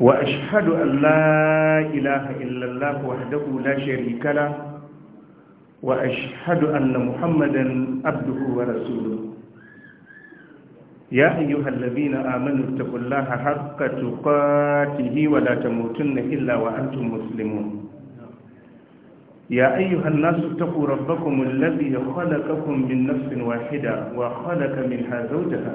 wa ashhadu an la ilaha illallah wahdahu la sharika la wa ashhadu anna muhammadan abduhu wa rasuluhu ya ayyuhal ladina amanu taqullaha haqqa tuqatih wa la tamutunna illa wa antum muslimun يا ايها الناس اتقوا ربكم الذي خلقكم من نفس واحده وخلق منها زوجها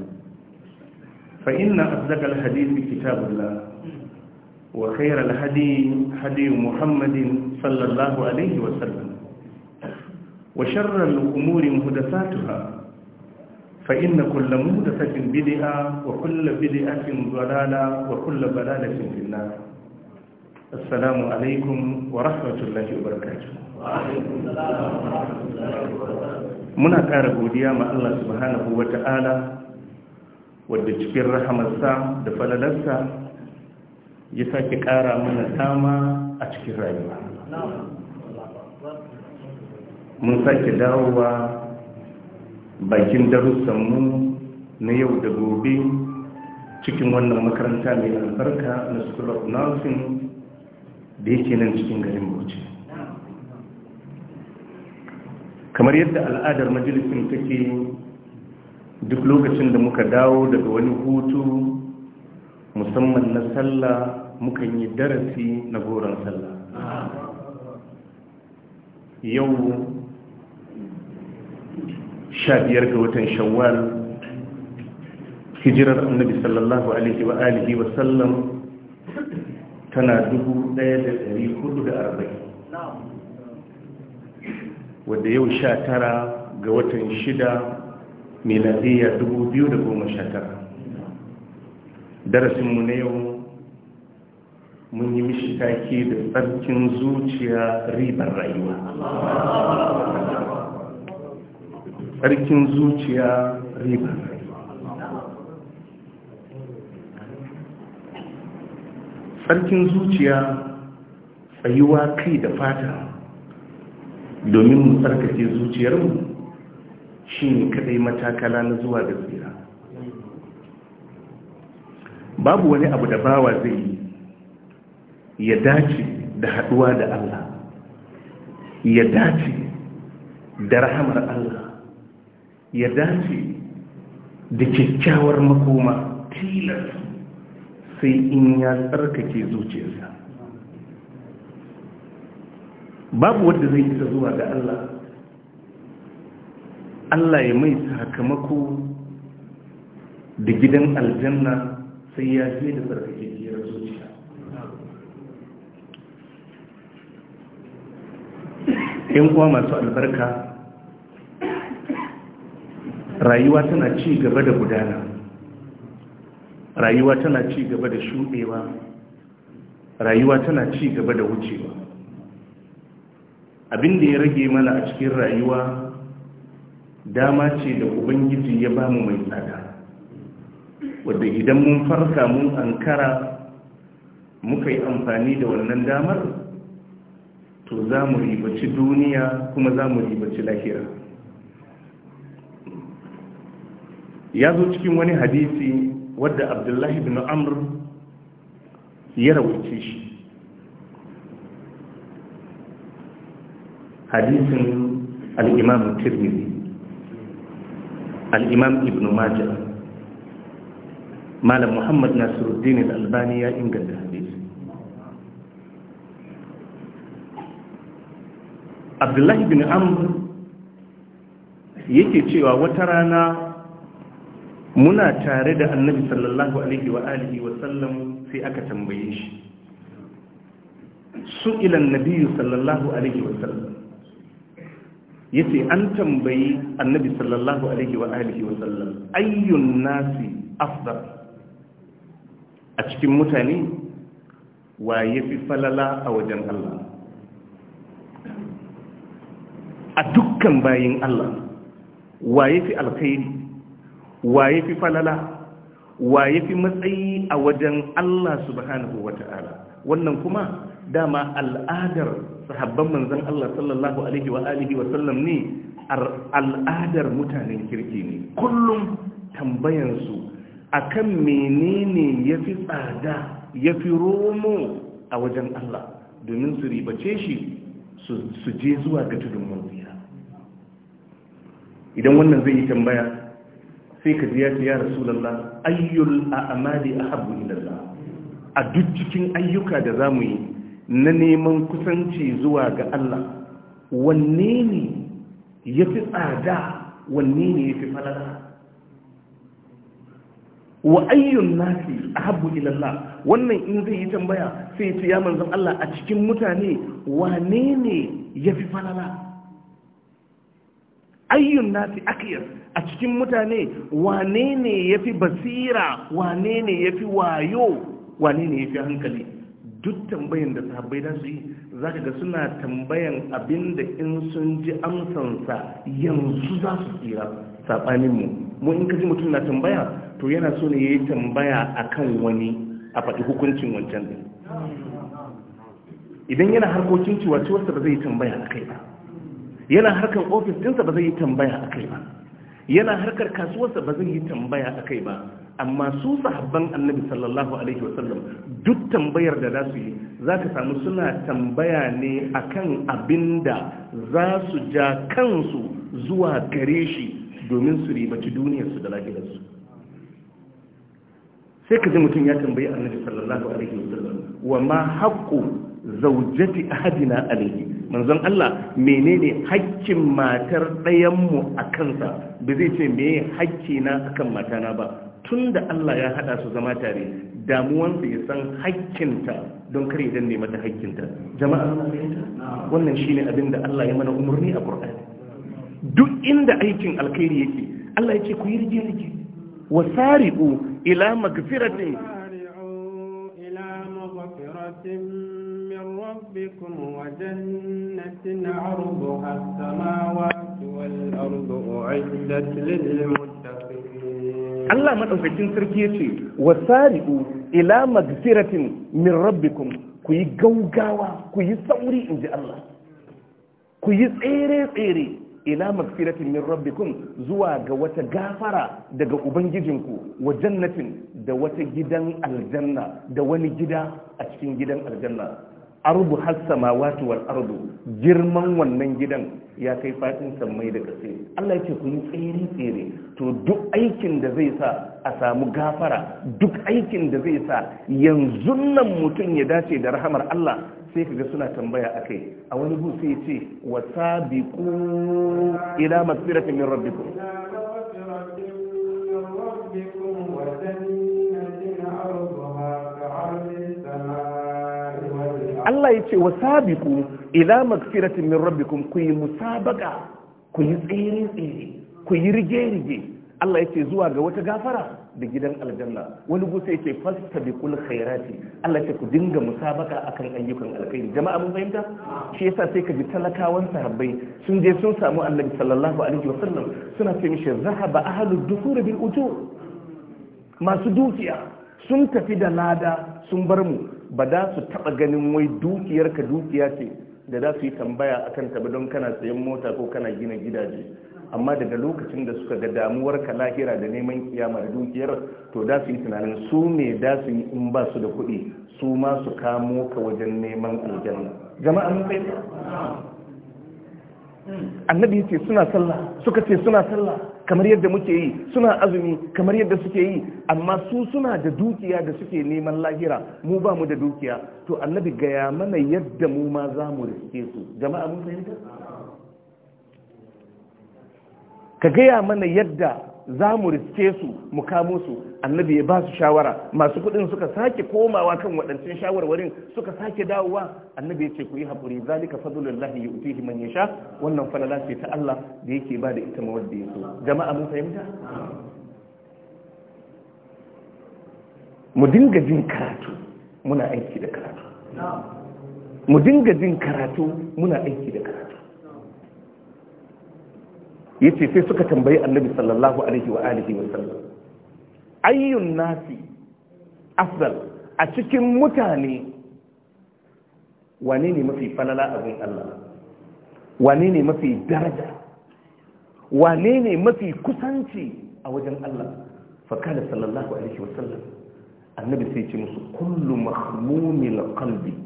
فإن أصدق الحديث كتاب الله وخير الهدي هدي محمد صلى الله عليه وسلم وشر الأمور مهدساتها فإن كل مهدسة بدعة وكل بدعة ضلالة وكل ضلالة في النار السلام عليكم ورحمة الله وبركاته وعليكم السلام ورحمة الله وبركاته muna ƙara godiya الله سبحانه وتعالى wadda cikin rahamarsa da falalarsa ya sake ƙara mana dama a cikin rayuwa mun sake dawowa bakin darussanmu na yau da gobe cikin wannan makaranta mai albarka na school of nursing da yake nan cikin garin bauchi kamar yadda al'adar majalisun take duk lokacin da muka dawo daga wani hutu musamman na sallah mukan yi darasi na goron sallah yau sha biyar ga watan shawwal hijirar annabi sallallahu alaihi wa alihi wa sallam tana dubu da hudu da arba'in, wadda yau sha tara ga watan shida miladiyya 2019 darasinmu na yau mun yi mishi da tsarkin zuciya ribar rayuwa tsarkin zuciya ribar tsarkin zuciya tsayuwa kai da fata domin mu tsarkake zuciyarmu shi ne kadai matakala na zuwa da tsira babu wani abu da bawa zai yi ya dace da haɗuwa da Allah ya dace da rahamar Allah ya dace da kyakkyawar makoma tilas sai in ya tsarkake zuciyarsa babu wanda zai isa zuwa ga Allah Allah ya mai sakamako da gidan aljanna sai ya fi da tsarkake biyar zuciya yan kuwa masu albarka rayuwa tana ci gaba da gudana rayuwa tana ci gaba da shuɗewa rayuwa tana ci gaba da wucewa abin da ya rage mana a cikin rayuwa dama ce da ubangiji ya ba mu mai tsada wadda idan mun farka mun ankara muka yi amfani da wannan damar to za mu ribaci duniya kuma za mu ribaci lahira ya zo cikin wani hadisi wadda abdullahi bin amr ya rawace shi hadisin al'imamun tirmidhi al'imam ibn majah malam muhammad nasiruddin al'albani ya inganta hadisi abdullahi bin amr yake cewa wata rana muna tare da annabi sallallahu alaihi wa alihi wa sallam sai aka tambaye shi su ilan nabiyu sallallahu alaihi wa sallam Ya ce an tambayi annabi sallallahu alaihi wa alihi wa sallam ayyun nasi afdar a cikin mutane wa yafi falala a wajen Allah a dukkan bayin Allah wa yafi alkhairi wa yafi falala wa yafi matsayi a wajen Allah subhanahu ta'ala wannan kuma dama al'adar sahabban manzon Allah sallallahu alaihi wa alihi wa sallam ne al'adar mutanen kirki ne kullum tambayansu akan menene yafi tsada ya fi romo a wajen Allah domin su ribace shi su je zuwa ga tudun idan wannan zai yi tambaya sai ka ya ta ya rasulallah ayyul a'mali ahabbu ilallah a duk cikin ayyuka da za mu yi na neman kusanci zuwa ga Allah wanne ne ya fi tsada wanne ne ya fi falala wa ayyun nasi ahabbu ila Allah wannan in zai yi tambaya sai ya ce ya manzon Allah a cikin mutane wane ne ya fi falala ayyun nasi akiyar a cikin mutane wane ne ya fi basira wane ne ya fi wayo wane ne ya fi hankali duk tambayan da sahabbai da su yi za ka ga suna tambayan abin da in sun ji amsansa yanzu za su tsira saɓaninmu mu in ka ji mutum na tambaya to yana so ne ya yi tambaya a kan wani a faɗi hukuncin wancan ɗin idan yana harkokin ciwaciwarsa ba zai yi tambaya a kai ba yana harkar ofis ɗinsa ba zai yi tambaya a kai ba yana harkar kasuwarsa ba zai yi tambaya a kai ba amma su sahabban annabi sallallahu alaihi wasallam duk tambayar da za su yi za ka samu suna tambaya ne akan abin da za su ja kansu zuwa gare shi domin su ribaci duniyarsu da lafiyarsu sai ka ji mutum ya tambayi annabi sallallahu alaihi wasallam wa ma haqqu zawjati ahadina alaihi manzon Allah menene haƙƙin matar ɗayanmu a kansa ba zai ce me haƙƙina akan matana ba tun da Allah ya haɗa su zama tare damuwansu ya san haƙƙinta don kare idan ne mata haƙƙinta jama'a wannan shi ne abin da Allah ya mana umarni a kur'ani. duk inda aikin alkhairi yake Allah ya ce ku yi rige ila magfiratin ربكم وجنة عرضها السماوات والأرض أعدت للمتقين الله ما تنسر سركيتي وسارئوا إلى مغفرة من ربكم كي قوقاوا كي سوري إن الله كي سيري سيري ila magfiratin min rabbikum zuwa ga wata gafara daga ubangijinku wa jannatin da wata gidan aljanna da wani gida a cikin gidan aljanna arbu hassama watuwar wal ardu girman wannan gidan ya kai fadin sammai da ƙasa Allah ya ce tsere tsere to duk aikin da zai sa a samu gafara duk aikin da zai sa yanzu nan mutum ya dace da rahamar Allah sai kaga suna tambaya akai a wani gu sai ya ce wasabiqu ila magfiratin min rabbikum Allah ya ce wa sabiku ila magfiratin min rabbikum ku yi musabaka ku yi tsere tsere ku yi rige rige Allah ya ce zuwa ga wata gafara da gidan aljanna wani gusa yake fasta bi kul khairati Allah ya ku dinga musabaka akan ayyukan alkhairi jama'a mun fahimta shi yasa sai ka ji talakawan sahabbai sun je sun samu Annabi sallallahu alaihi sallam. suna ce mishi zahaba ahlud dufur bil ujur masu dukiya sun tafi da lada sun bar mu ba da su taɓa ganin wai dukiyarka dukiya ce da za su yi tambaya akan ta don kana sayan mota ko kana gina gidaje amma daga lokacin da suka ga damuwar ka lahira da neman kiyama da dukiyar to da su yi tunanin su ne da su yi in ba su da kuɗi su ma su kamo ka wajen neman aljanna jama'a mun kai annabi ce suna sallah suka ce suna sallah kamar yadda muke yi suna azumi kamar yadda suke yi amma su suna da dukiya da suke neman lahira mu ba mu da dukiya to annabi gaya mana yadda mu ma za mu riske su jama'a mun fahimta ka gaya mana yadda za mu riske su mu kamo su annabi ya ba su shawara masu kuɗin suka sake komawa kan waɗancan shawarwarin suka sake dawowa annabi ya ce ku yi haƙuri zalika fadlullahi yu'tihi man yasha wannan falala ce ta Allah da yake ba da ita mawadda ya so jama'a mun fahimta mu dinga jin karatu muna aiki da karatu mu dinga jin karatu muna aiki da karatu yace sai suka tambayi annabi sallallahu alaihi wa alihi wa sallam ayyun nasi afdal a cikin mutane wane ne mafi falala a gun Allah wane ne mafi daraja wane ne mafi kusanci a wajen Allah fa fakala sallallahu alaihi wa sallam annabi sai ce musu kullu mahmumil qalbi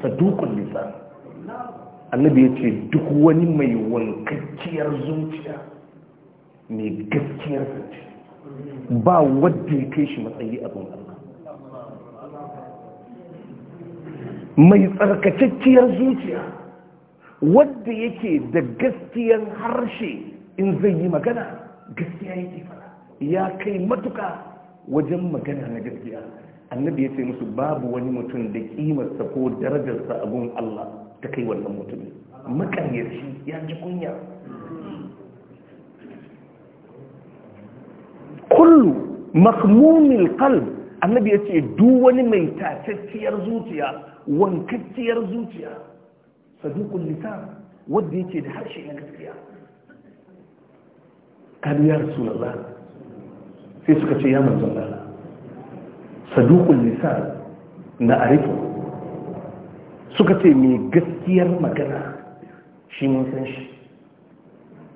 saduqul lisan annabi ya ce duk wani mai wankakkiyar zuciya mai gaskiyar zuciya ba wadda ya kai shi matsayi abin Allah mai tsarkakakkiyar zuciya wadda yake da gaskiyar harshe in zai yi magana gaskiya yake fara ya kai matuka wajen magana na gaskiya annabi ya ce musu babu wani mutum da kimarsa ko darajarsa abun Allah ta kai wannan mutumin makaryaci ya ji kunya kullu makmumil kalb annabi yace duk wani mai tatacciyar zuciya wankacciyar zuciya sadiqul lisan wanda yake da harshe na gaskiya kalu ya rasulullah sai suka ce ya manzon Allah sadiqul lisan na arifu suka ce mai gaskiyar magana shi mun san shi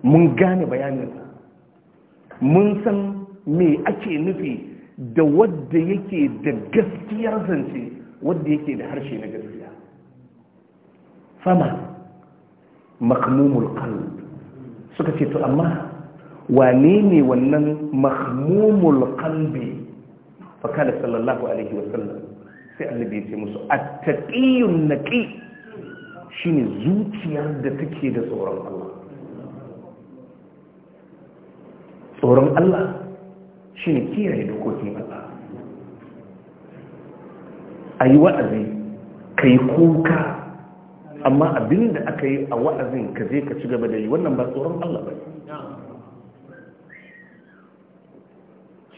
mun gane bayaninsa mun san me ake nufi da wadda yake da gaskiyar zance wadda yake da harshe na gaskiya fama makmumul kan suka ce to amma wane ne wannan makmumul kan fa kana sallallahu alaihi wasallam sai annabi ya ce musu attaqiyun naqi shine zuciyar da take da tsoron Allah tsoron Allah shine kiyaye dokokin Allah ayi wa'azi kai kuka amma abinda aka yi a wa'azin ka je ka ci gaba da yi wannan ba tsoron Allah ba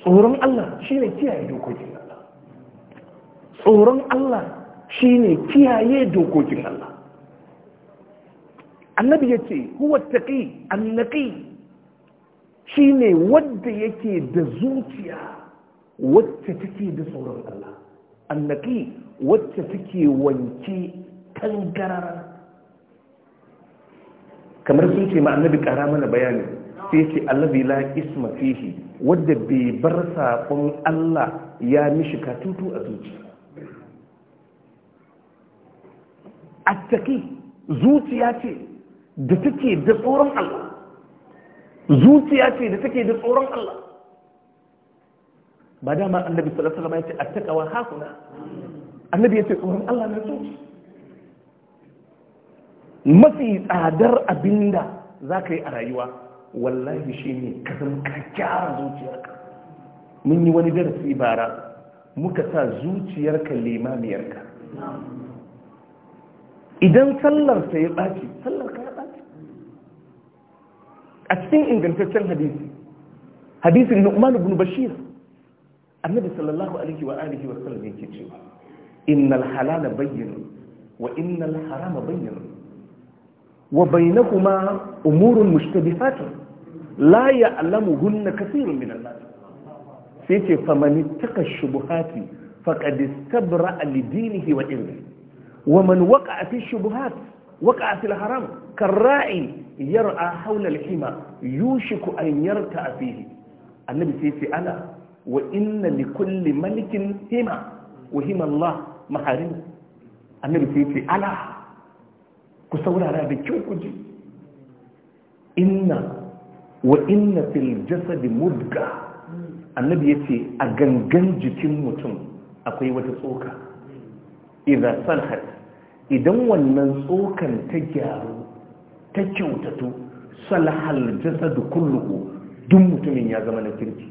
tsoron Allah shine kiyaye dokokin tsoron Allah shi ne kiyaye dokokin Allah annabi yace huwa annaki shi ne wadda yake da zuciya wacce take da tsoron Allah annaki wacce take wanke tangarar kamar sun ce ma annabi kara mana bayani sai ce allazi la isma fihi wadda bai bar saƙon Allah ya mishi katutu a zuciya tattaki zuciya ce da take da tsoron Allah zuciya ce da take da tsoron Allah ba dama annabi sallallahu alaihi wasallam ya ce attaqwa hakuna annabi ya ce tsoron Allah na zuci mafi tsadar abinda zaka yi a rayuwa wallahi shine ka san ka gyara zuciyarka mun yi wani darasi bara muka sa zuciyarka limamiyarka idan sallarsa ya ɓaci sallar ka ya ɓaci a cikin ingantaccen hadisi hadisin nu'man ibn bashir annabi sallallahu alaihi wa alihi wa sallam yake cewa innal halala bayyin wa innal harama bayyin wa bainahuma umurun mushtabihatun la ya'lamuhunna kathirun min an-nas sai ce faman ittaqa shubuhati faqad istabra li dinihi wa irdihi ومن وقع في الشبهات وقع في الحرام كالراعي يرعى حول الحمى يوشك أن يرتع فيه النبي سيسي ألا وإن لكل ملك هما وهما الله محارم النبي سيسي ألا كسورة رابي كوكجي إن وإن في الجسد مدقى النبي يسي أغنغن جتم متم أقوي وتسوكا idza salhat idan wannan tsokan ta gyaru ta kyautatu salahal jasadu kulluhu duk mutumin ya zama na kirki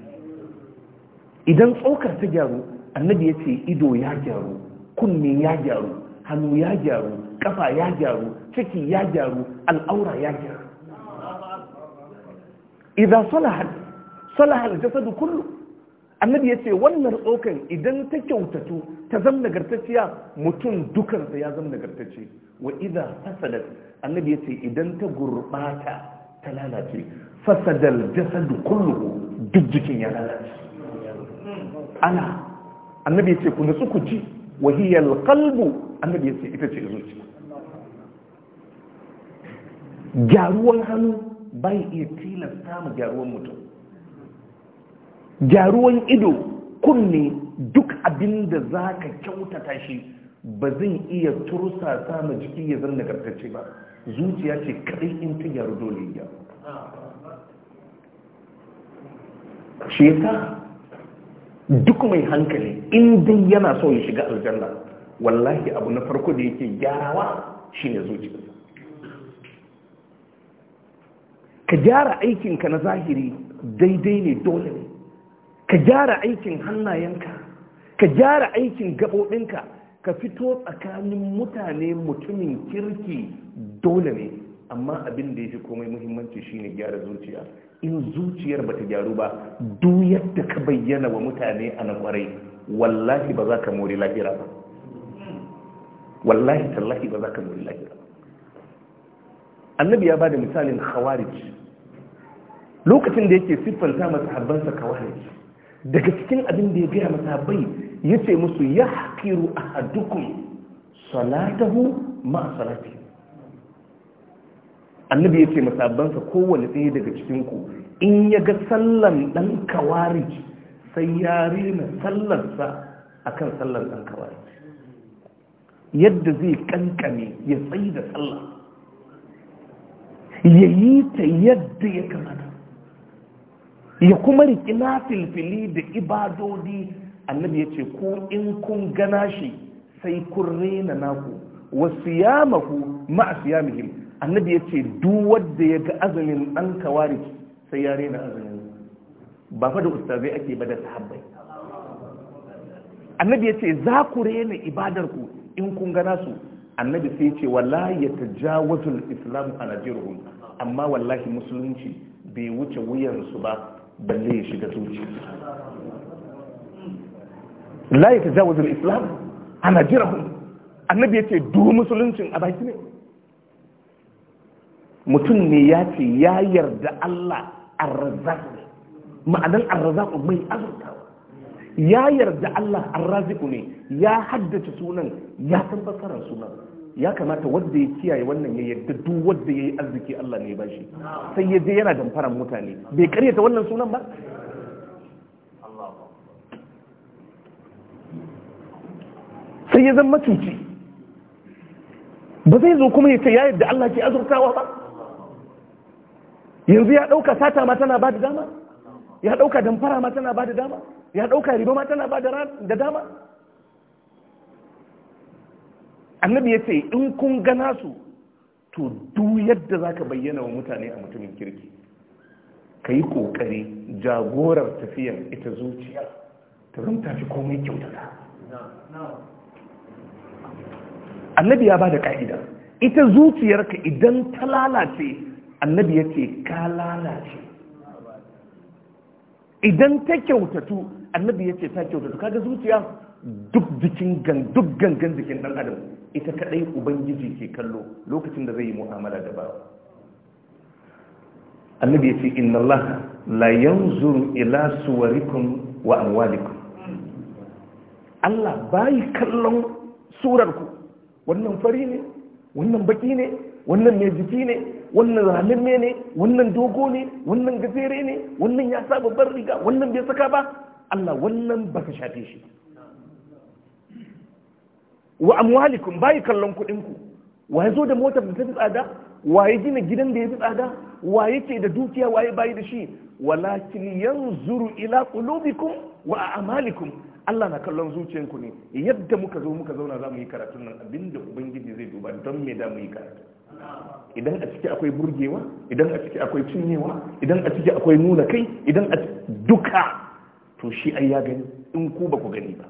idan tsokar ta gyaru annabi ya ce ido ya gyaru kunne ya gyaru hannu ya gyaru kafa ya gyaru ciki ya gyaru al'aura ya gyaru idan salahal salahal jasadu kullu annabi ya ce wannan tsokan idan ta kyautatu ta zama nagartacciya mutum dukansa ya zama nagartacce wa idan fasadar annabi ya ce idan ta gurbata ta lalace fasadar jasadu kullu duk jikin ya lalace ana annabi ya ce ku nutsu ku ji wa hiyar kalbu annabi ya ce ita ce zuci gyaruwan hannu bai iya tilasta mu gyaruwan mutum gyaruwan ido kunne duk abin da za ka kyautata shi ba zan iya turusa sama jiki ya zan nagartacce ba zuciya ce kaɗai in ta gyaru dole ya shi ya duk mai hankali in dai yana so ya shiga aljanna wallahi abu na farko da yake gyarawa shine zuciyarsa ka gyara aikinka na zahiri daidai ne dole ne ka gyara aikin hannayenka ka gyara aikin gabobinka ka fito tsakanin mutane mutumin kirki dole ne amma abin da ya fi komai muhimmanci shine gyara zuciya in zuciyar ba ta gyaru ba du yadda ka bayyana wa mutane a na kwarai wallahi ba za ka mori lahira ba wallahi tallahi ba za ka mori lahira annabi ya ba da misalin khawarij lokacin da yake siffanta masu habbansa khawarij daga cikin abin da ya gaya masa bai ya ce musu ya haƙiru a hadukun salatahu ma salati annabi ya ce masabbansa kowane tsaye daga cikinku in ya ga sallan ɗan kawarij sai ya rena sallarsa a kan sallan ɗan kawarij yadda zai kankane ya tsaye da sallah ya yi ta yadda ya kamata ya kuma riƙi na filfili da ibadodi annabi ya ce ko in kun gana shi sai kun rena naku wasu yamaku ya muhim annabi ya ce duk da ya ga azumin an kawari sai ya rena azumin ba fa da ustazai ake ba da sahabbai annabi ya ce za ku rena ibadarku in kun gana su annabi sai ce wala ya tajawazul islam a najeriya amma wallahi musulunci bai wuce wuyansu ba balle ya shiga zuciya la ya tajawazul islam ana jirahu annabi ya ce duk musuluncin a baki ne mutum ne ya ce ya yarda Allah arrazaq ne ma'anar arrazaq mai azurtawa ya yarda Allah arrazaq ne ya haddace sunan ya san fassarar sunan ya kamata wanda ya kiyaye wannan ya yadda duk wanda yayi arziki Allah ne ba bashi sai ya je yana damfaran mutane bai karyata wannan sunan ba sai ya zama cuci ba zai zo kuma ya ce ya yadda Allah ke azurtawa ba yanzu ya ɗauka sata ma tana ba da dama ya ɗauka damfara ma tana ba da dama ya ɗauka riba ma tana ba da dama annabi ya ce in kun gana su to du yadda za ka bayyana wa mutane a mutumin kirki ka yi ƙoƙari jagorar tafiyar ita zuciya ta zan tafi komai kyautata annabi ya ba da ƙa'ida ita zuciyarka idan ta lalace annabi ya ce ka lalace idan ta kyautatu annabi ya ce ta kyautatu kaga zuciya duk jikin gan duk gangan jikin dan adam ita kadai ubangiji ke kallo lokacin da zai yi mu'amala da bawa annabi ya ce inna Allah la yanzuru ila suwarikum wa amwalikum Allah bai kallon surarku wannan fari ne wannan baki ne wannan mai jiki ne wannan zalimme ne wannan dogo ne wannan gazere ne wannan ya saba babbar riga wannan bai saka ba Allah wannan baka shafe shi wa amwalikum bai kallon kuɗin ku waye zo da motar da ta fi tsada ya gina gidan da ya fi tsada waye ke da dukiya waye bayi da shi walakin yanzuru ila qulubikum wa a'malikum Allah na kallon zuciyanku ne yadda muka zo muka zauna za mu yi karatun nan abinda ubangiji zai duba don me da mu yi karatu idan a ciki akwai burgewa idan a ciki akwai cinyewa idan a ciki akwai nuna kai idan a duka to shi ai ya gani in ku ba ku gani ba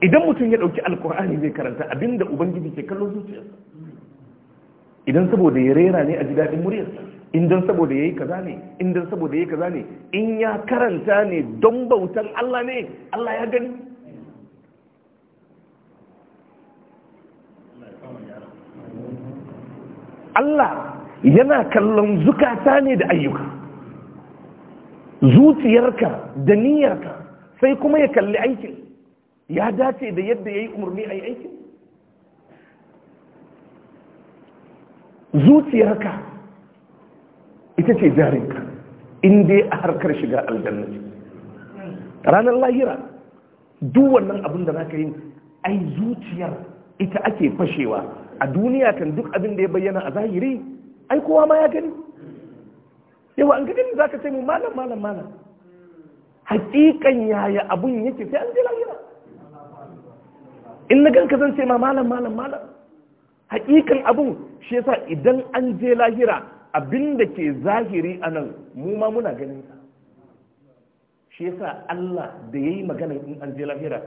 idan mutum ya ɗauki alkur'ani zai karanta abinda ubangiji ke kallon zuciyarsa idan saboda ya rera ne a ji daɗin muryarsa in saboda ya yi kaza ne in saboda ya yi kaza ne in ya karanta ne don bautan Allah ne Allah ya gani Allah yana kallon zukata ne da ayyuka zuciyarka da niyyarka sai kuma ya kalli aikin ya dace da yadda ya yi umarni a yi aikin zuciyarka ita ce jarinka inda a harkar shiga aljannaci ranar lahira duk wannan abin da za yi ai zuciyar ita ake fashewa a duniya kan duk abin da ya bayyana a zahiri ai kowa ma ya gani yawa an gani za ka sai mu malam malam malam hakikan yaya abun yake sai an je lahira in na ganka zan ce ma malam malam malam hakikan abun shi yasa idan an je lahira abinda ke zahiri anan mu ma muna ganin sa shi yasa Allah da yayi magana in an je lahira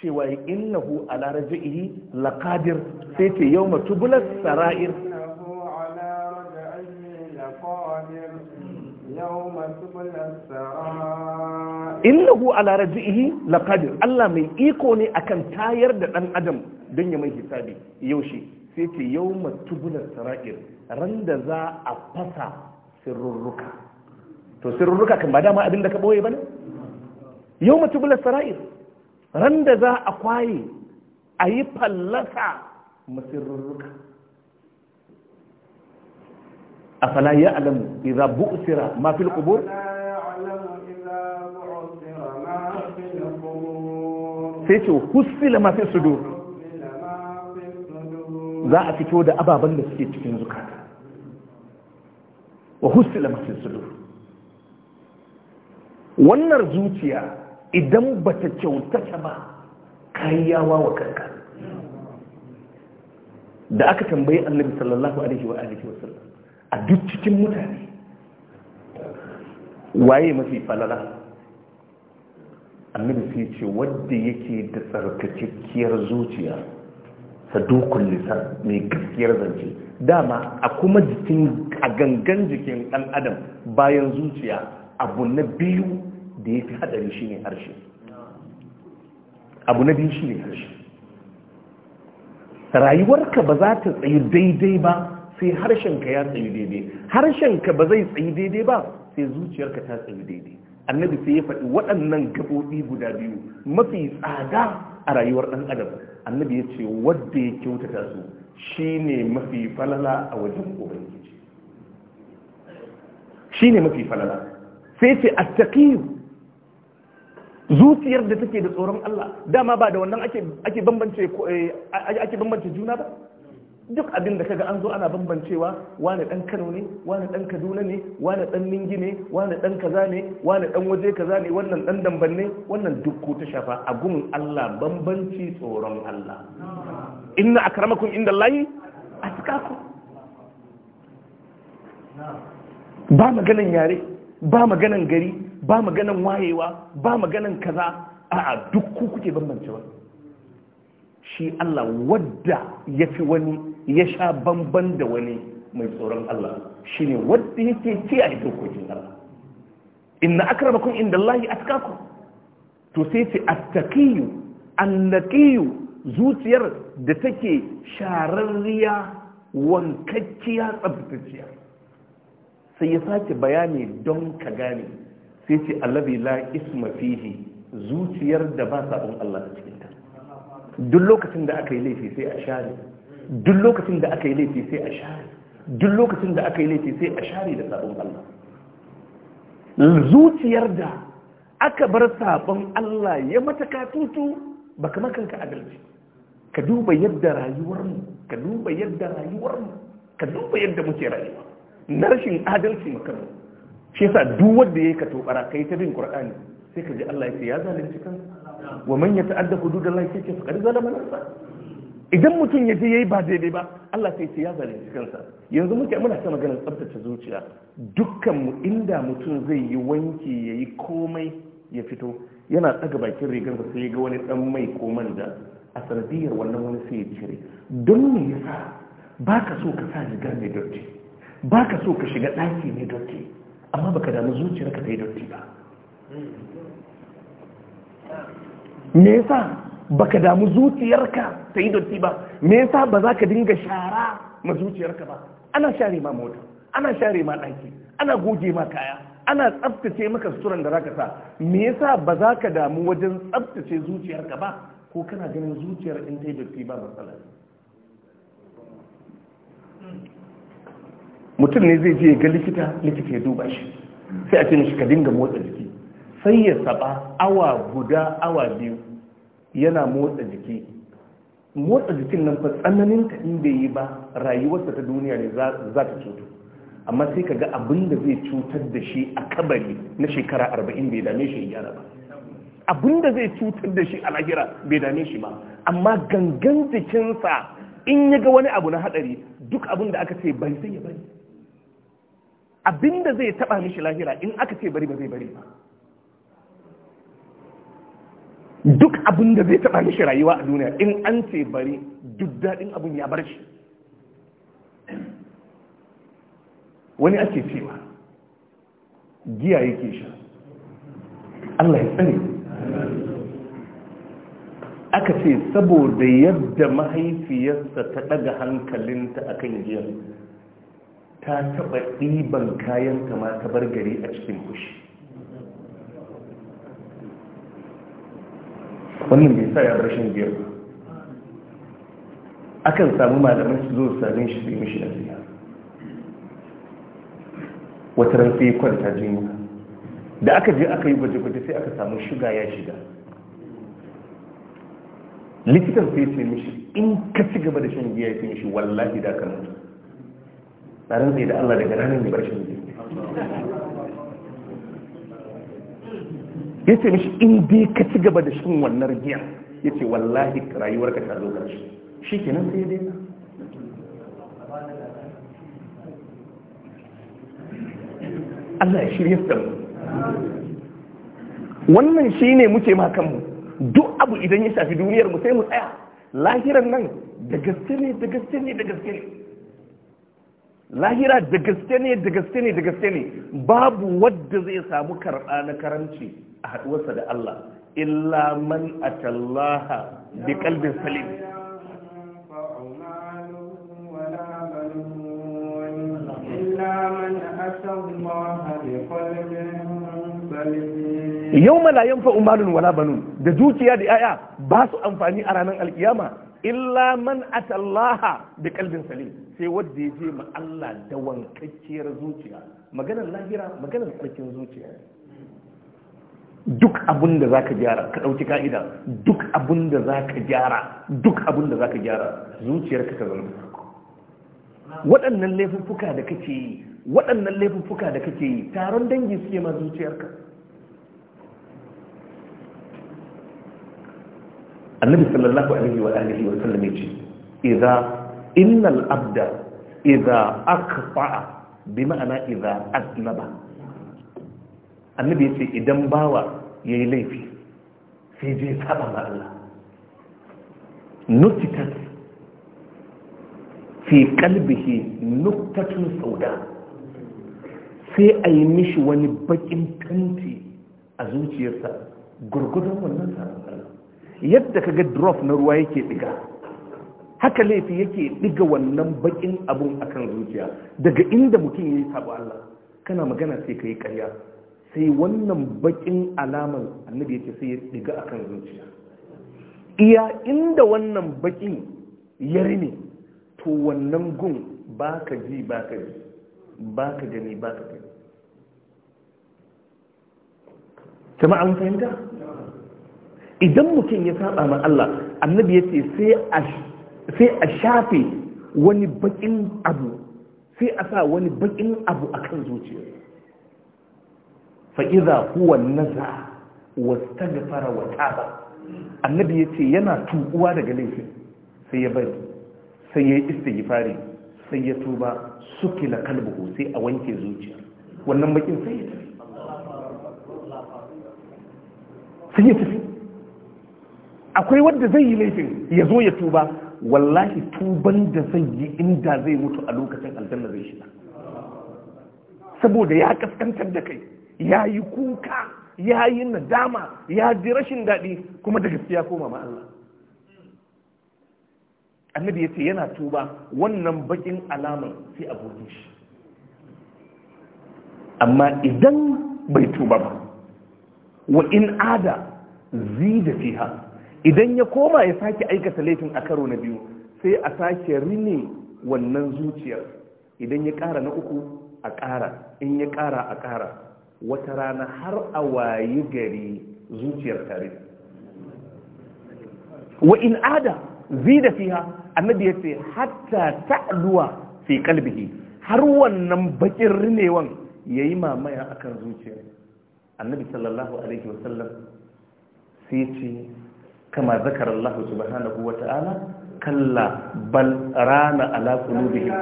cewa innahu ala raj'ihi laqadir sai ce yawma tubulas sarair يوم innahu ala raji'ihi laqadir Allah mai iko ne akan tayar da dan adam don ya mai hisabi yaushe sai ce yawma tubular sara'ir ran da za a fasa sirrurruka to sirrurruka kan ba dama abin da ka boye bane yawma tubular sara'ir ran da za a kwaye a yi fallasa masirrurruka afala alamu idza bu'sira ma fil qubur sai ce husila ma fi sudur za a fito da ababen da suke cikin zukata wa husila ma fi sudur wannan zuciya idan ba ta kyautata ba kayyawa wa kanka da aka tambayi annabi sallallahu alaihi wa alihi wasallam a duk cikin mutane waye mafi falala annabi sai ce wadda yake da tsarkakakkiyar zuciya sadukun lisan mai gaskiyar zance dama a kuma jikin a gangan jikin ɗan adam bayan zuciya abu na biyu da ya fi haɗari shi ne harshe abu na biyu shi ne harshe rayuwarka ba za ta tsayi daidai ba sai harshenka ya tsayi daidai harshenka ba zai tsayi daidai ba sai zuciyarka ta tsayi daidai annabi sai ya faɗi waɗannan gaɓoɓi guda biyu mafi tsada a rayuwar ɗan adam annabi ya ce wadda ya kyautata su shi ne mafi falala a wajen ubangiji shi ne mafi falala sai ce a zuciyar da take da tsoron Allah dama ba da wannan ake eh, bambance juna ba duk abin da kaga an zo ana bambancewa wani dan Kano ne wani dan Kaduna ne wani dan Ningi ne wani dan kaza ne wani dan waje kaza ne wannan dan Damban ne wannan duk ko ta shafa a gumin Allah bambanci tsoron Allah inna akramakum indallahi atqakum ba maganan yare ba maganan gari ba maganan wayewa ba maganan kaza a'a duk ku kuke bambancewa shi Allah wadda ya fi wani ya sha banban da wani mai tsoron Allah shine wanda yake kiyaye dokokin Allah inna akramakum indallahi atqakum to sai ce attaqiyu annaqiyu zuciyar da take shararriya wankacciya tsabtacciya sai ya sake bayani don ka gane sai ce allabi la isma fihi zuciyar da ba sabon Allah a cikinta duk lokacin da aka yi laifi sai a share duk lokacin da aka yi laifi sai a share duk lokacin da aka yi laifi sai a share da sabon Allah zuciyar da aka bar sabon Allah ya mata katutu baka kanka adalci ka duba yadda rayuwarmu ka duba yadda rayuwarmu ka duba yadda muke rayuwa na rashin adalci makamu shi yasa duk wanda yayi ka tobara kai ta bin qur'ani sai ka ji Allah ya ce ya zalunci kan wa man yata'adda hududallahi sai ce zalama nafsa idan mutum ya je yayi ba daidai ba Allah sai ya zalunci kansa yanzu muke muna ta maganar tsaftace zuciya dukkan mu inda mutum zai yi wanki yayi komai ya fito yana tsaga bakin rigar sai ya ga wani dan mai ko manja a sanadiyar wannan wani sai ya cire don me yasa baka so ka sa rigar mai dotti baka so ka shiga daki mai dotti amma baka damu zuciyarka ka yi dotti ba me yasa baka damu zuciyarka ta yi dotti ba me yasa ba za ka dinga shara ma zuciyarka ba ana share ma mota ana share ma ɗaki ana goge ma kaya ana tsaftace maka suturan da zaka sa me yasa ba za ka damu wajen tsaftace zuciyarka ba ko kana ganin zuciyar in ta yi dotti ba matsala mutum ne zai je ga likita likita ya duba shi sai a ce mishi ka dinga motsa jiki sai ya saba awa guda awa biyu yana motsa jiki motsa jikin nan fa tsananin ta in bai yi ba rayuwarsa ta duniya ne za ta cutu amma sai ka ga abin da zai cutar da shi a kabari na shekara arba'in bai dame shi gyara ba abin da zai cutar da shi a lahira bai dame shi ba amma gangan jikinsa in ya ga wani abu na hadari duk abin da aka ce bari sai ya bari abin da zai taba mishi lahira in aka ce bari ba zai bari ba duk abin da zai taɓa mishi rayuwa a duniya in an ce bari duk daɗin abin ya bar shi wani ake cewa giya yake sha Allah ya tsare aka ce saboda yadda mahaifiyarsa ta ɗaga hankalinta a kan giyar ta taɓa ɗiban kayan kama ta bar gari a cikin kushi wannan bai sa ya rashin biyar akan samu malamai su zo sami shi su yi mishi ziyar wata rantsi kwanta jini da aka je aka yi gwaje-gwaje sai aka samu shiga ya shiga likitan sai ce mishi in ka ci gaba da shan giya ya ce mishi wallahi da aka mutu tsarin rantsi da Allah daga ranar mai bar shan giya ya ce mishi in dai ka ci gaba da shin wannan giyan ya ce wallahi ka ta zo ƙarshe shi kenan sai dai Allah ya shirya da mu wannan shi ne muke kanmu duk abu idan ya shafi duniyar mu sai mu tsaya lahiran nan da gaske ne da gaske ne da gaske ne lahira da gaske ne da gaske ne da gaske ne babu wadda zai samu karɓa na karanci a haɗuwarsa da Allah illa man atallaha bi kalbin salim yau mala yan fa'umalin wala banun da zuciya da yaya ba su amfani a ranar alkiyama illa man atallaha da kalbin salim sai wadda ya je ma Allah da wankakkiyar zuciya maganar lahira maganar tsarkin zuciya duk abin da za ka gyara ka ɗauki ka'ida duk abin da za ka gyara duk abin da za ka gyara zuciyarka ta zama waɗannan laifuffuka da kake yi waɗannan laifuffuka da kake yi taron dangi suke ma zuciyarka annabi sallallahu alaihi wa alihi wa sallam yace idza innal abda idza akfa bi ma'ana idza aznaba annabi yace ce idan bawa ya yi laifi sai je saba ma Allah nuktat fi kalbihi nuktatun sauda sai a mishi wani bakin tanti a zuciyarsa gurgudun wannan sabon yadda ka ga drop na ruwa yake diga haka laifi yake diga wannan bakin abun akan zuciya daga inda mutum ya yi Allah kana magana sai ka yi karya sai wannan bakin alaman annabi ya ce sai ya diga a kan zuciya iya inda wannan bakin ya rine to wannan gun ba ka ji ba ka ji ba ka gani ba ka gani jama an fahimta idan mutum ya saba ma Allah annabi ya ce sai a shafe wani bakin abu sai a sa wani bakin abu akan zuciya fa'iza kuwa naza wasta gafara wa taba annabi ya ce yana tukuwa daga laifin sai ya bari sai ya yi istighfari sai ya tuba suke na kalbuhu sai a wanke zuciya wannan bakin sai ya tafi sai ya tafi akwai wadda zai yi laifin ya zo ya tuba wallahi tuban da zai yi inda zai mutu a lokacin aljanna zai shiga saboda ya kaskantar da kai ya yi kuka ya yi nadama ya ji rashin daɗi kuma da gaskiya koma ma Allah annabi ya ce yana tuba wannan bakin alamar sai a burge shi amma idan bai tuba ba wa in ada zai fiha idan ya koma ya sake aikata laifin a karo na biyu sai a sake rine wannan zuciyar idan ya ƙara na uku a ƙara in ya ƙara a ƙara wata rana har a wayi gari zuciyar tare wa in ada zida fiha annabi yace hatta ta'luwa fi qalbihi har wannan bakin rinewan yayi mamaya akan zuciyar annabi sallallahu alaihi wasallam sai ce kama zakara Allah subhanahu wata'ala kalla bal rana ala qulubihim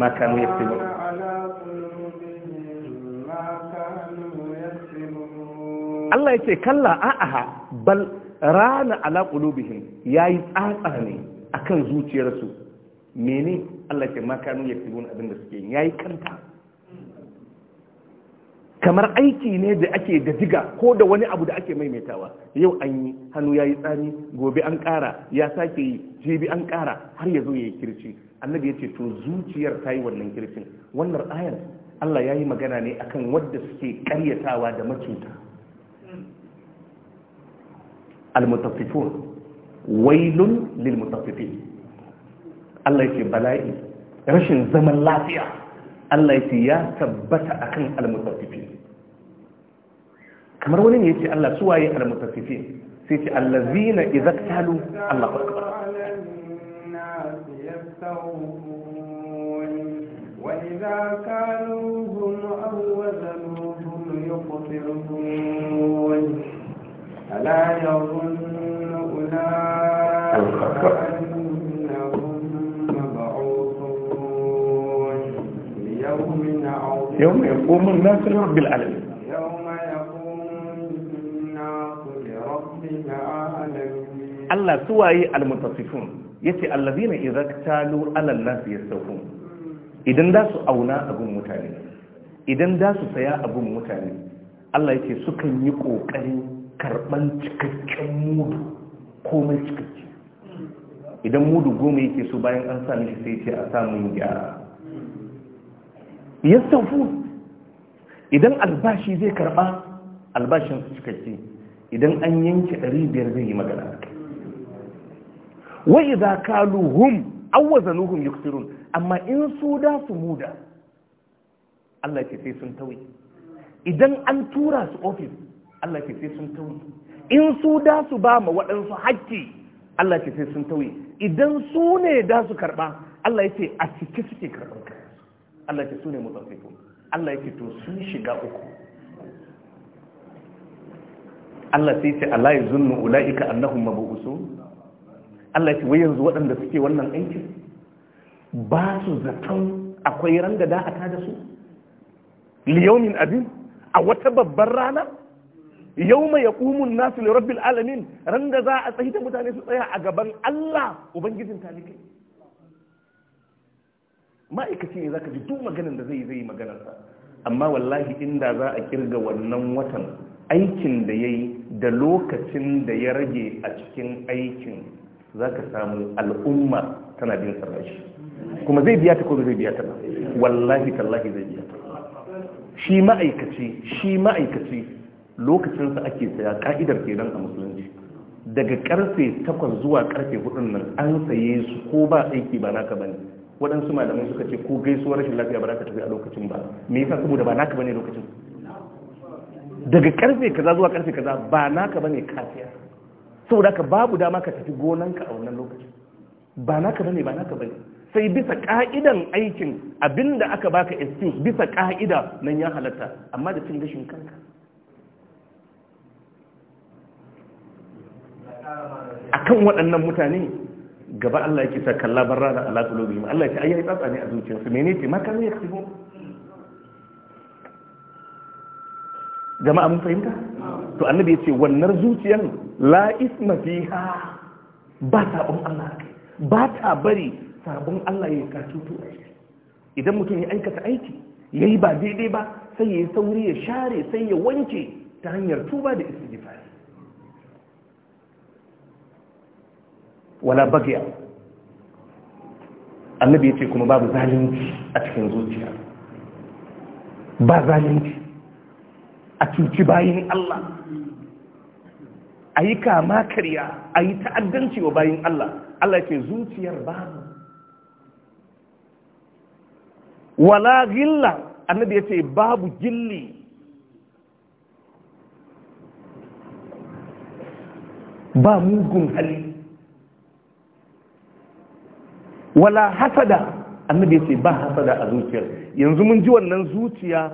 ma kanu yaktubun Allah ya ce kalla a'aha bal rana ala qulubihim yayi tsatsa ne akan zuciyarsu mene Allah ya ce ma kanu yaktubun abin da suke yayi kanta kamar aiki ne da ake da diga ko da wani abu da ake maimaitawa yau an yi hannu ya yi tsami gobe an ƙara ya sake yi jibi an ƙara har ya zo ya yi kirci annabi ya ce to zuciyar ta yi wannan kirkin wannan ayar allah ya yi magana ne akan wadda suke karyatawa da macuta المتصفون ويل للمتصفين الله يكي بلائي رشن زمن لا فيها الله يكي يا ثبت أخن المتصفين كما رولين يكي الله سواي المتصفين سيتي الذين إذا اكتالوا الله أكبر وإذا هم أو وزنوهم يقتلهم ألا يظن أولئك أنهم مبعوثون ليوم عظيم يوم يقوم الناس لرب العالمين يوم يقوم الناس لرب العالمين الله سواي المتصفون يتي الذين إذا اكتالوا على الناس يستوفون إذن داسوا أونا أبو متعلم idan za su saya abin mutane Allah yake sukan yi ƙoƙarin karban cikakken mudu komai cikakke idan mudu goma yake so bayan an sa shi sai ce a samun gyara yastafu idan albashi zai karba albashin su cikakke idan an yanke 500 zai yi magana akai wa idza kaluhum aw wazanuhum amma in su da su muda Allah ce sai sun tawai idan an tura su ofis. Allah ke sai sun tauye in su da su ba ma waɗansu haƙƙi Allah ke sai sun tauye idan su ne da su karɓa Allah ya ce a cike suke karɓar ka Allah ke su ne mutsafifu Allah ya ce to sun shiga uku Allah sai ce Allah ya zunnu ula'ika annahum mabu'usu Allah ce wai yanzu waɗanda suke wannan aikin ba su zaton akwai ranga da a da su liyaumin abin a wata babbar rana yawma yaqumun nasu li rabbil alamin ran da za a tsayi da mutane su tsaya a gaban Allah ubangijin talikai ma'aikaci ne zaka ji duk maganar da zai zai maganar sa amma wallahi inda za a kirga wannan watan aikin da yayi da lokacin da ya rage a cikin aikin zaka samu al'umma tana bin sarrashi kuma zai biya ta ko zai biya ta ba wallahi tallahi zai biya ta shi ma'aikaci shi ma'aikaci lokacinsa ake saya ka'idar kenan a musulunci daga karfe 8 zuwa karfe 4 nan an saye su ko ba aiki ba naka bane waɗansu malamai suka ce ko gaisuwar rashin lafiya ba za ka tafi a lokacin ba me yasa saboda ba naka bane lokacin daga karfe kaza zuwa karfe kaza ba naka bane kafiya saboda ka babu dama ka tafi gonanka a wannan lokacin ba naka bane ba naka bane sai bisa ka'idan aikin abinda aka baka excuse bisa ka'ida nan ya halatta amma da cin gashin kanka akan waɗannan mutane gaba Allah yake sa kalla rana a latin qulubihim Allah ce tsatsa ne a zuciyarsu maka ne ya yake tibo jama'a mun fahimta to annabi ya ce wannan zuciyar la isma ha, ba sabon Allah ba ta bari sabon Allah ya karcuto idan mutum ya aikata aiki yayi ba daidai ba sai ya sauri ya share sai ya wanke ta hanyar tuba da istighfar wala bagiya annabi ya ce kuma babu zalunci a cikin zuciya ba zalunci a cuci bayin Allah a yi kama karya a yi ta'addanci wa bayin Allah Allah ce zuciyar babu wala gilla annabi ya ce babu gilli ba mugun hali wala hasada annabi ya ce ba hasada a zuciyar yanzu mun ji wannan zuciya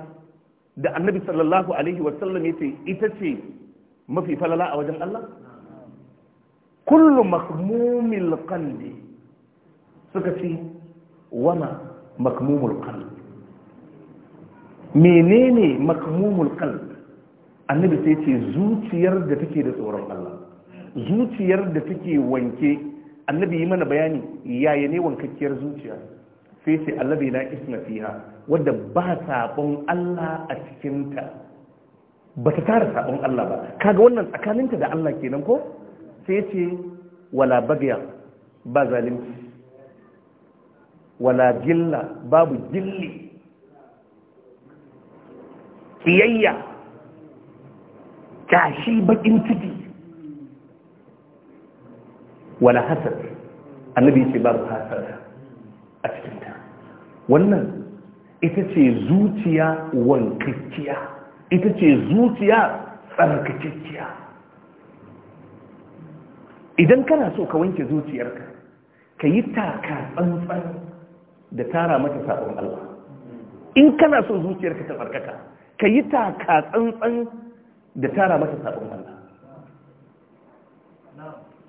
da annabi sallallahu alaihi wasallam ya ce ita ce mafi falala a wajen Allah kullu makmumil qalbi suka ce wana makmumul qalbi menene makmumul qalbi annabi sai ce zuciyar da take da tsoron Allah zuciyar da take wanke annabi yi mana bayani yaya ne wankakkiyar zuciya sai ce allabi na isna fiha wadda ba sabon Allah a cikinta ba ta tara sabon Allah ba kaga wannan tsakaninta da Allah kenan ko sai ce wala bagya ba zalunci wala gilla babu gilli kiyayya kashi bakin ciki wala hasad annabi ce babu hasada a cikinta wannan ita ce zuciya wankakkiya ita ce zuciya tsarkakakkiya idan kana so ka wanke zuciyarka ka yi taka tsantsan da tara mata sabon Allah in kana so zuciyarka ta farkaka ka yi taka tsantsan da tara mata sabon Allah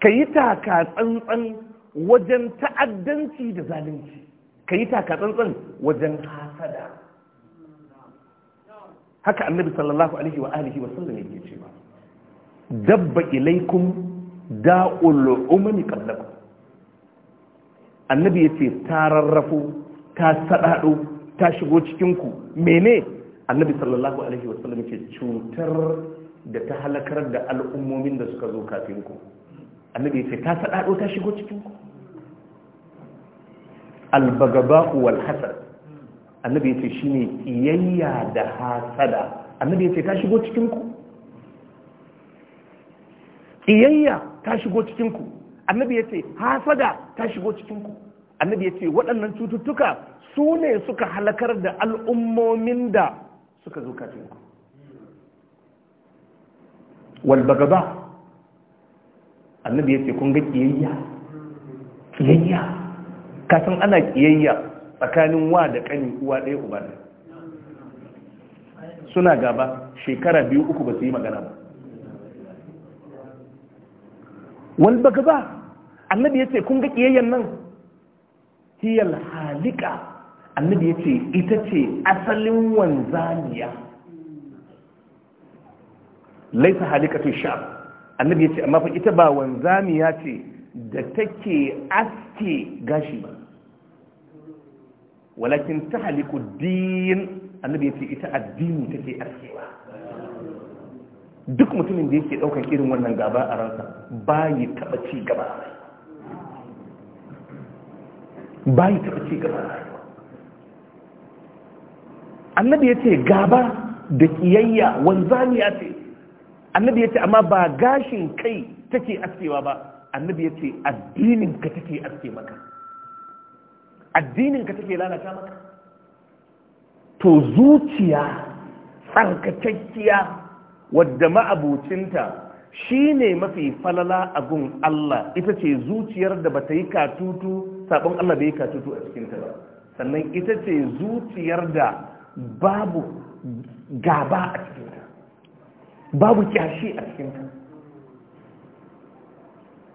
ka yi taka tsantsan wajen ta'addanci da zalunci ka yi taka tsantsan wajen hasada haka annabi sallallahu alaihi wa alihi wa sallam yake cewa dabba ilaikum da'ul ummi qablaku annabi yace tararrafu ta sadado ta shigo cikin ku mene annabi sallallahu alaihi wa sallam yace cutar da ta halakar da al'ummomin da suka zo kafin ku annabi ce ta sadado ta shigo cikin ku albagaba wal hasad annabi ce shine iyayya da hasada annabi ce ta shigo cikin ku iyayya ta shigo cikin ku annabi ya ce hasada ta shigo cikin ku annabi ya ce waɗannan cututtuka su ne suka halakar da al'ummomin da suka zo kafin ku walbagaba annabi ya ce kun ga kiyayya kiyayya kasan ana kiyayya tsakanin wa da kani uwa ɗaya uba ne suna gaba shekara biyu uku ba su yi magana ba wani gaba ba annabi ya ce kun ga kiyayyan nan hiyal halika annabi ya ce ita ce asalin wanzaniya laisa halikatun sha'a annabi ya ce amma fa ita ba wanzamiya ce da take aske gashi ba walakin ta haliku din annabi ya ce ita addini take aske ba duk mutumin da yake daukan irin wannan gaba a ransa yi taba ci gaba yi taba ci gaba annabi ya ce gaba da kiyayya wanzami ce annabi ya ce amma ba gashin kai take askewa ba annabi ya ce addinin ka take aske maka addinin take lalata maka to zuciya tsarkakakkiya wadda ma'abucinta shi ne mafi falala a gun Allah ita ce zuciyar da ba ta yi katutu sabon Allah ya yi katutu a cikinta ba sannan ita ce zuciyar da babu gaba a cikin babu kyashi a cikinta, ta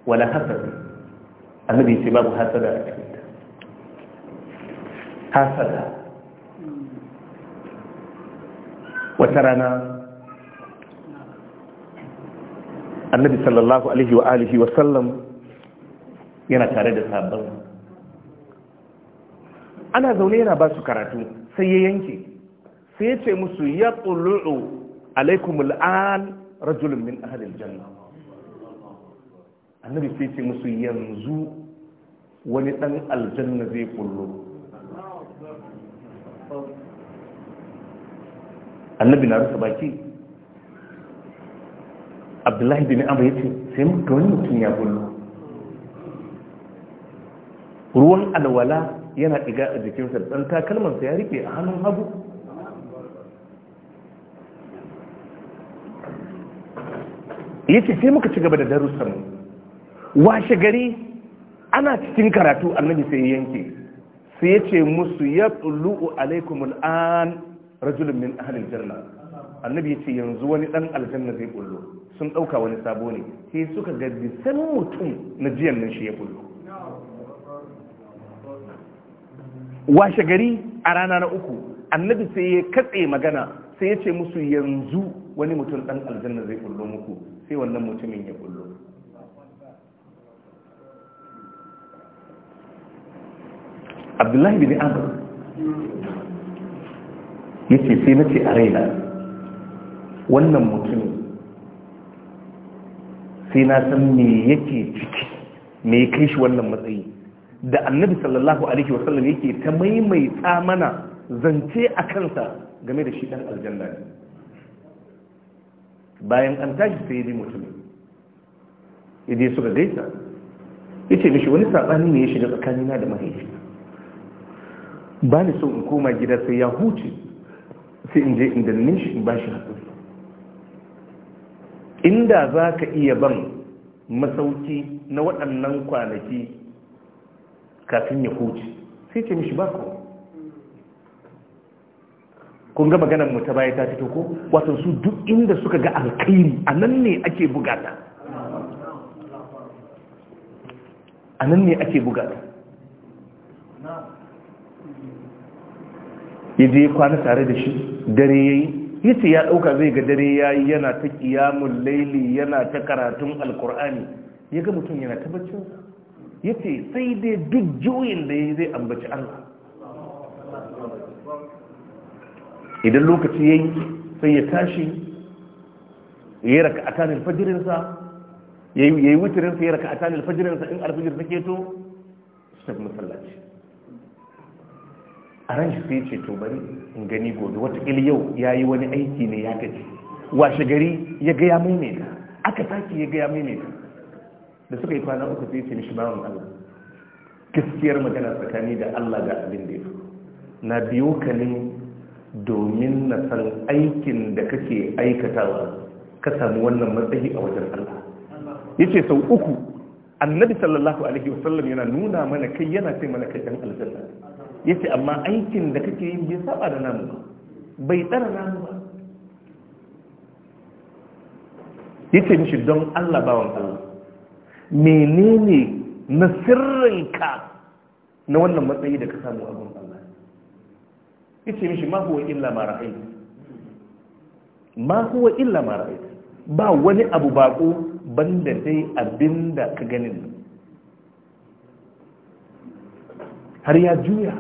wala hasada annabi ce babu hasada a cikinta, ta hasada wata rana annabi sallallahu alaihi wa alihi wa sallam yana tare da sabon ana zaune yana ba su karatu sai ya yanke sai ya ce musu ya tsulu'u alaikum al'an rajulun min ahlil janna annabi sai ce musu yanzu wani dan aljanna zai kullu annabi na rasa baki abdullahi bin abu ya ce sai muka wani mutum ya kullu ruwan alwala yana ɗiga a jikinsa ɗan takalmansa ya riƙe a hannun hagu yace sai muka ci gaba da darussan mu washe gari ana cikin karatu annabi sai yanke sai yace musu ya tsulu alaikum al'an rajulun min ahlil janna annabi yace yanzu wani dan aljanna zai bullo sun dauka wani sabo ne sai suka ga san mutum na jiyan nan shi ya bullo washe gari a rana na uku annabi sai ya katse magana sai ya ce musu yanzu wani mutum dan aljanna zai bullo muku sai wannan mutumin ya kullo abdullahi bin amur ya ce sai na ce a raina wannan mutumin sai na san me yake ciki me kai shi wannan matsayi da annabi sallallahu alaihi wasallam yake ta maimaita mana zance a kansa game da shi dan aljanna ne bayan an tashi sai ya bi mutumin idai suka gaita ya ce mishi wani saɓani ne ya shiga tsakanina da mahaifi ba ni so in koma gida sai ya huce sai in je inda ne shi in ba shi haƙuri inda za ka iya ban masauki na waɗannan kwanaki kafin ya huce sai ce mishi ba kowa kun ga maganar mu ta baya ta fito ko wato su duk inda suka ga alkhairi a ne ake bugata a ne ake bugata ya kwana tare da shi dare ya yi yace ya ɗauka zai ga dare ya yi yana ta ƙiyamun laili yana ta karatun alkur'ani ya ga mutum yana ta yace ya sai dai duk juyin da ya zai ambaci allah idan lokaci ya yi sai ya tashi ya yi raka a tanin fajirinsa ya yi sa ya raka a tanin fajirinsa in alfajir ta keto su tafi masallaci a ran shi sai ce to bari in gani gobe watakila yau ya yi wani aiki ne ya gaji washe gari ya gaya mai ne aka sake ya gaya mai ne da suka yi kwana uku sai ce mishi bawan allah gaskiyar magana tsakani da allah ga abin da ya na biyo ka ne domin na san aikin da kake aikatawa ka samu wannan matsayi a wajen Allah Ya ce sau uku annabi sallallahu alaihi wasallam yana nuna mana kai yana sai mana kai ɗan aljanna ce. amma aikin da kake yin bai saba da namu ba bai tsara namu ba Ya ce mishi don Allah bawan Allah menene na sirrinka na wannan matsayi da ka samu abin ba yace mishi ma huwa illa ma ra'ayt ma huwa illa ma ra'ayt ba wani abu bako banda dai abinda ka ganin har ya juya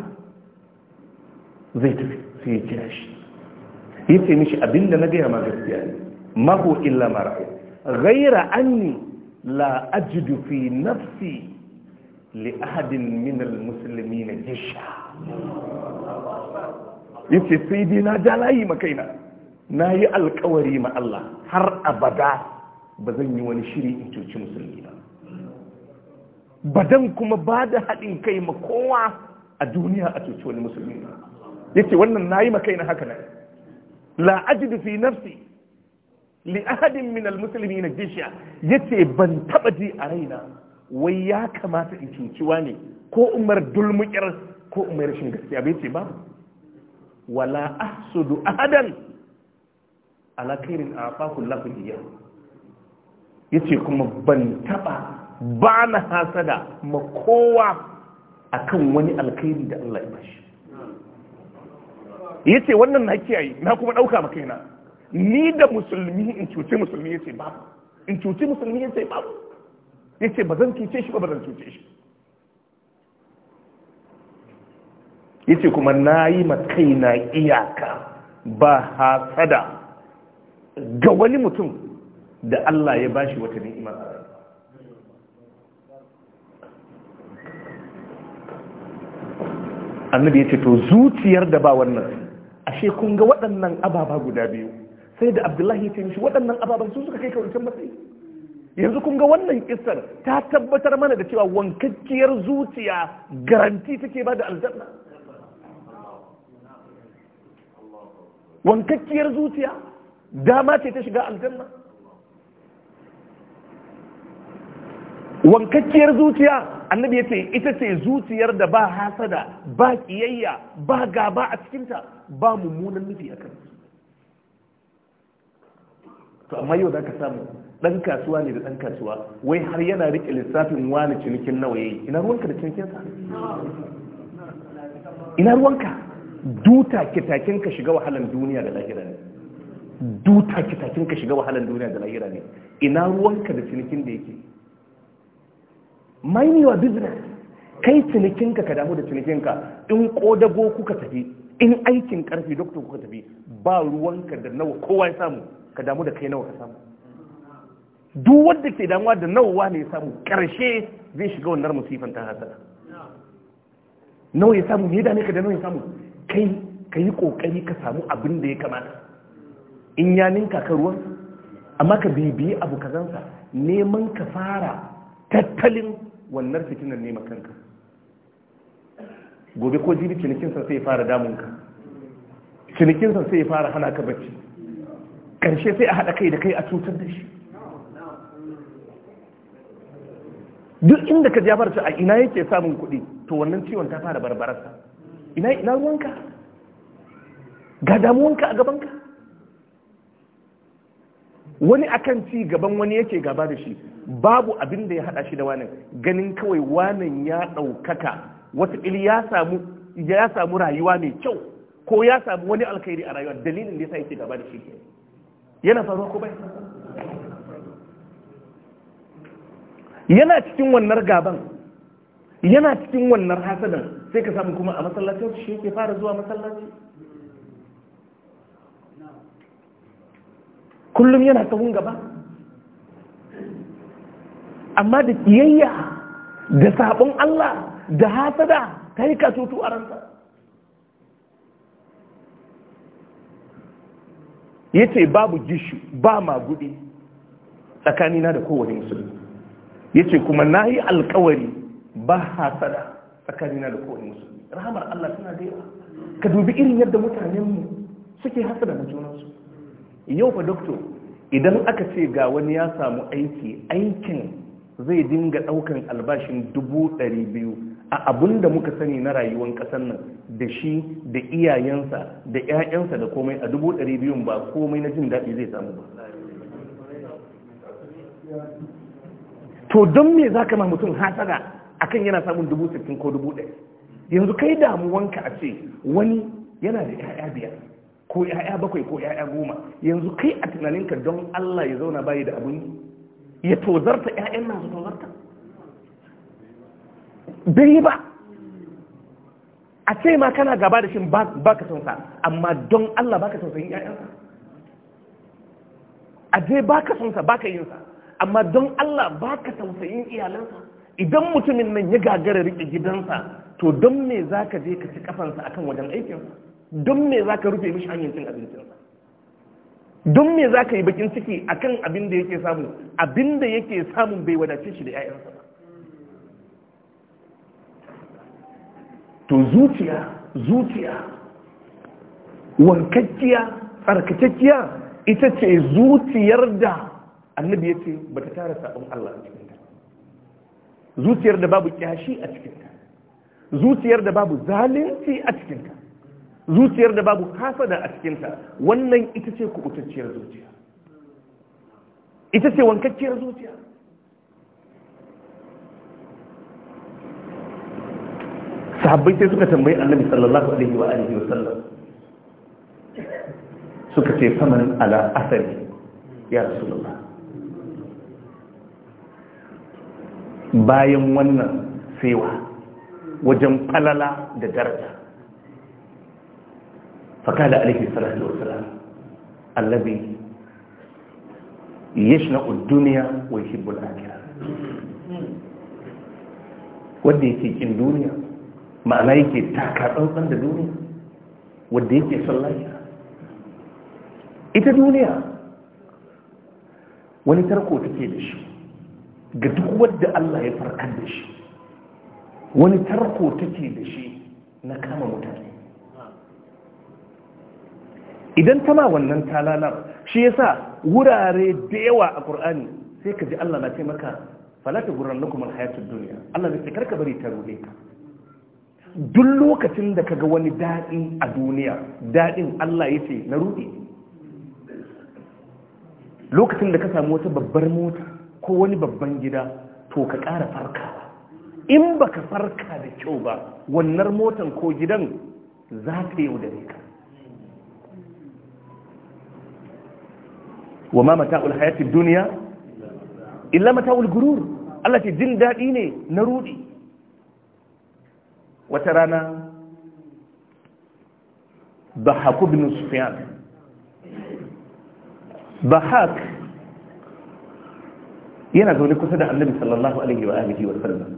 zai tafi sai ya kira shi yace mishi abinda na gaya ma gaskiya ne ma huwa illa ma ra'ayt ghaira anni la ajidu fi nafsi li ahadin min al-muslimin jisha yace sai dai na ja layi ma kaina na yi alkawari ma Allah har abada ba zan yi wani shiri in cuci musulmi ba badan kuma ba da haɗin kai ma kowa a duniya a cuci wani musulmi ba yace wannan na yi ma kaina haka nan la ajidu fi nafsi li ahadin min almuslimina jisha yace ban taɓa ji a raina wai ya kamata in cuci wani ko umar dulmukir ko umar shin gaskiya bai ce ba wala ahsudu ahadan ala a a'taku lafiya. Ya yace kuma ban taba ba na hasada ma kowa akan wani alkhairi da Allah ya bashi yace wannan na kiyaye na kuma dauka maka kaina ni da musulmi in cuce musulmi yace ba in cuce musulmi yace ba yace zan cuce shi ba zan cuce shi yace kuma na yi ma kaina iyaka ba hasada ga wani mutum da Allah ya bashi wata ni'ima annabi yace to zuciyar da ba wannan ashe kun ga waɗannan ababa guda biyu sai da abdullahi ya ce mishi waɗannan ababan su suka kai wancan matsayi yanzu kun ga wannan kisar ta tabbatar mana da cewa wankakkiyar zuciya garanti take ba da aljanna wankakkiyar zuciya dama ce ta shiga aljanna wankakkiyar zuciya annabi ya ce ita ce zuciyar da ba hasada ba kiyayya ba gaba a cikinta ba mummunan nufi a kan to amma yau za ka samu ɗan kasuwa ne da ɗan kasuwa wai har yana riƙe lissafin wani cinikin nawa yi? ina ruwanka da cinikinsa ina ruwanka duta kitakin ka shiga wahalan duniya da lahira ne duta kitakin ka shiga wahalan duniya da lahira ne ina ruwanka da cinikin da yake mind your business kai cinikinka ka damu da cinikinka in kodago kuka tafi in aikin karfi doktor kuka tafi ba ruwanka da nawa kowa ya samu ka damu da kai nawa ka samu duk wanda ke damuwa da nawa ne ya samu karshe zai shiga wannan musifan ta hasara nawa ya samu ne da ne ka da nawa ya samu kai ka yi ƙoƙari ka samu abin da ya kamata in ya ninka amma ka bibiyi abu kazansa neman ka fara tattalin wannan fitinan ne kanka gobe ko jibi cinikinsa sai ya fara damunka cinikinsa sai ya fara hana ka bacci Karshe sai a haɗa kai da kai a cutar da shi duk inda ka jabarta a ina yake samun kuɗi to wannan ciwon ta fara barbararsa ina ina ruwanka ga damuwanka a gabanka wani akan ci gaban wani yake gaba da shi babu abin da ya hada shi da wanan ganin kawai wanan ya daukaka Watakili ya samu ya samu rayuwa mai kyau ko ya samu wani alkhairi a rayuwa dalilin da yasa yake gaba da shi yana faruwa ko bai yana cikin wannan gaban yana cikin wannan hasadan sai ka samu kuma a masallacin shi yake fara zuwa masallaci kullum yana tsawon gaba amma da kiyayya da sabon Allah da hasada ta yi kasutu a ransa ya ce babu gishu ba magudi tsakanina da kowane musulmi ya ce kuma na yi alkawari ba hasada tsakanina da kowane musulmi rahamar Allah suna da yawa ka dubi irin yadda mutanen mu suke hasa da junansu yau fa doktor idan aka ce ga wani ya samu aiki aikin zai dinga daukan albashin dubu ɗari biyu a abun da muka sani na rayuwar ƙasar nan da shi da iyayensa da 'ya'yansa da komai a dubu ɗari biyun ba komai na jin daɗi zai samu ba to don me za ka ma mutum hasada akan yana samun dubu sittin ko dubu ɗaya yanzu kai damuwanka a ce wani yana da 'ya'ya biyar ko 'ya'ya bakwai ko 'ya'ya goma yanzu kai a tunaninka don allah ya zauna bayi da abin ya tozarta 'ya'yan nasu tozarta bai ba a ce ma kana gaba da shi ba ka sonsa, sa amma don allah ba ka son 'ya'yansa a je ba ka sonsa, sa ba ka yin sa amma don allah ba ka tausayin iyalansa idan mutumin nan ya gagara rike gidansa to don me za ka je ka ci kafansa akan wajen aikinsa don me za ka rufe mishi hanyar cin abincinsa don me za ka yi bakin ciki akan abin da yake samu abin da yake samun bai wadace shi da 'ya'yansa ba to zuciya zuciya wankakkiya tsarkakakkiya ita ce zuciyar da annabi ya ce ba ta tara sabon Allah cikin zuciyar da babu kyashi a cikinka, zuciyar da babu zalunci a cikinka, zuciyar da babu hasada a cikinka, wannan ita ce kubutacciyar zuciya ita ce wankacciyar zuciya sahabbai sai suka tambayi annabi sallallahu alaihi wa alihi wasallam suka ce saman ala asari ya rasulullah bayan wannan saiwa wajen falala da daraja fakada alaihi salatu wasalam allabi yashna ad-dunya wa yuhibbu al-akhirah wanda yake kin duniya ma'ana yake taka tsantsan da duniya wanda yake sallaya ita duniya wani tarko take da shi ga duk wadda Allah ya farkar da shi wani tarko take da shi na kama mutane idan ma wannan talalar shi yasa wurare da yawa a ƙur'ani sai ka ji Allah na ce maka falata gurran na kuma hayatun duniya Allah zai ce ka bari ta ruɗe ka duk lokacin da ka ga wani daɗi a duniya daɗin Allah ya ce na ruɗe lokacin da ka samu wata babbar mota ko wani babban gida to ka ƙara farkawa in ba ka farka da kyau ba wannan motan ko gidan za ka yau da ka wa ma mata'ul hayatid duniya illa mata'ul gurur Allah ce jin daɗi ne na rudi wata rana bahaq ibn sufyan bahaq yana zaune kusa da annabi sallallahu alaihi wa alihi wa sallam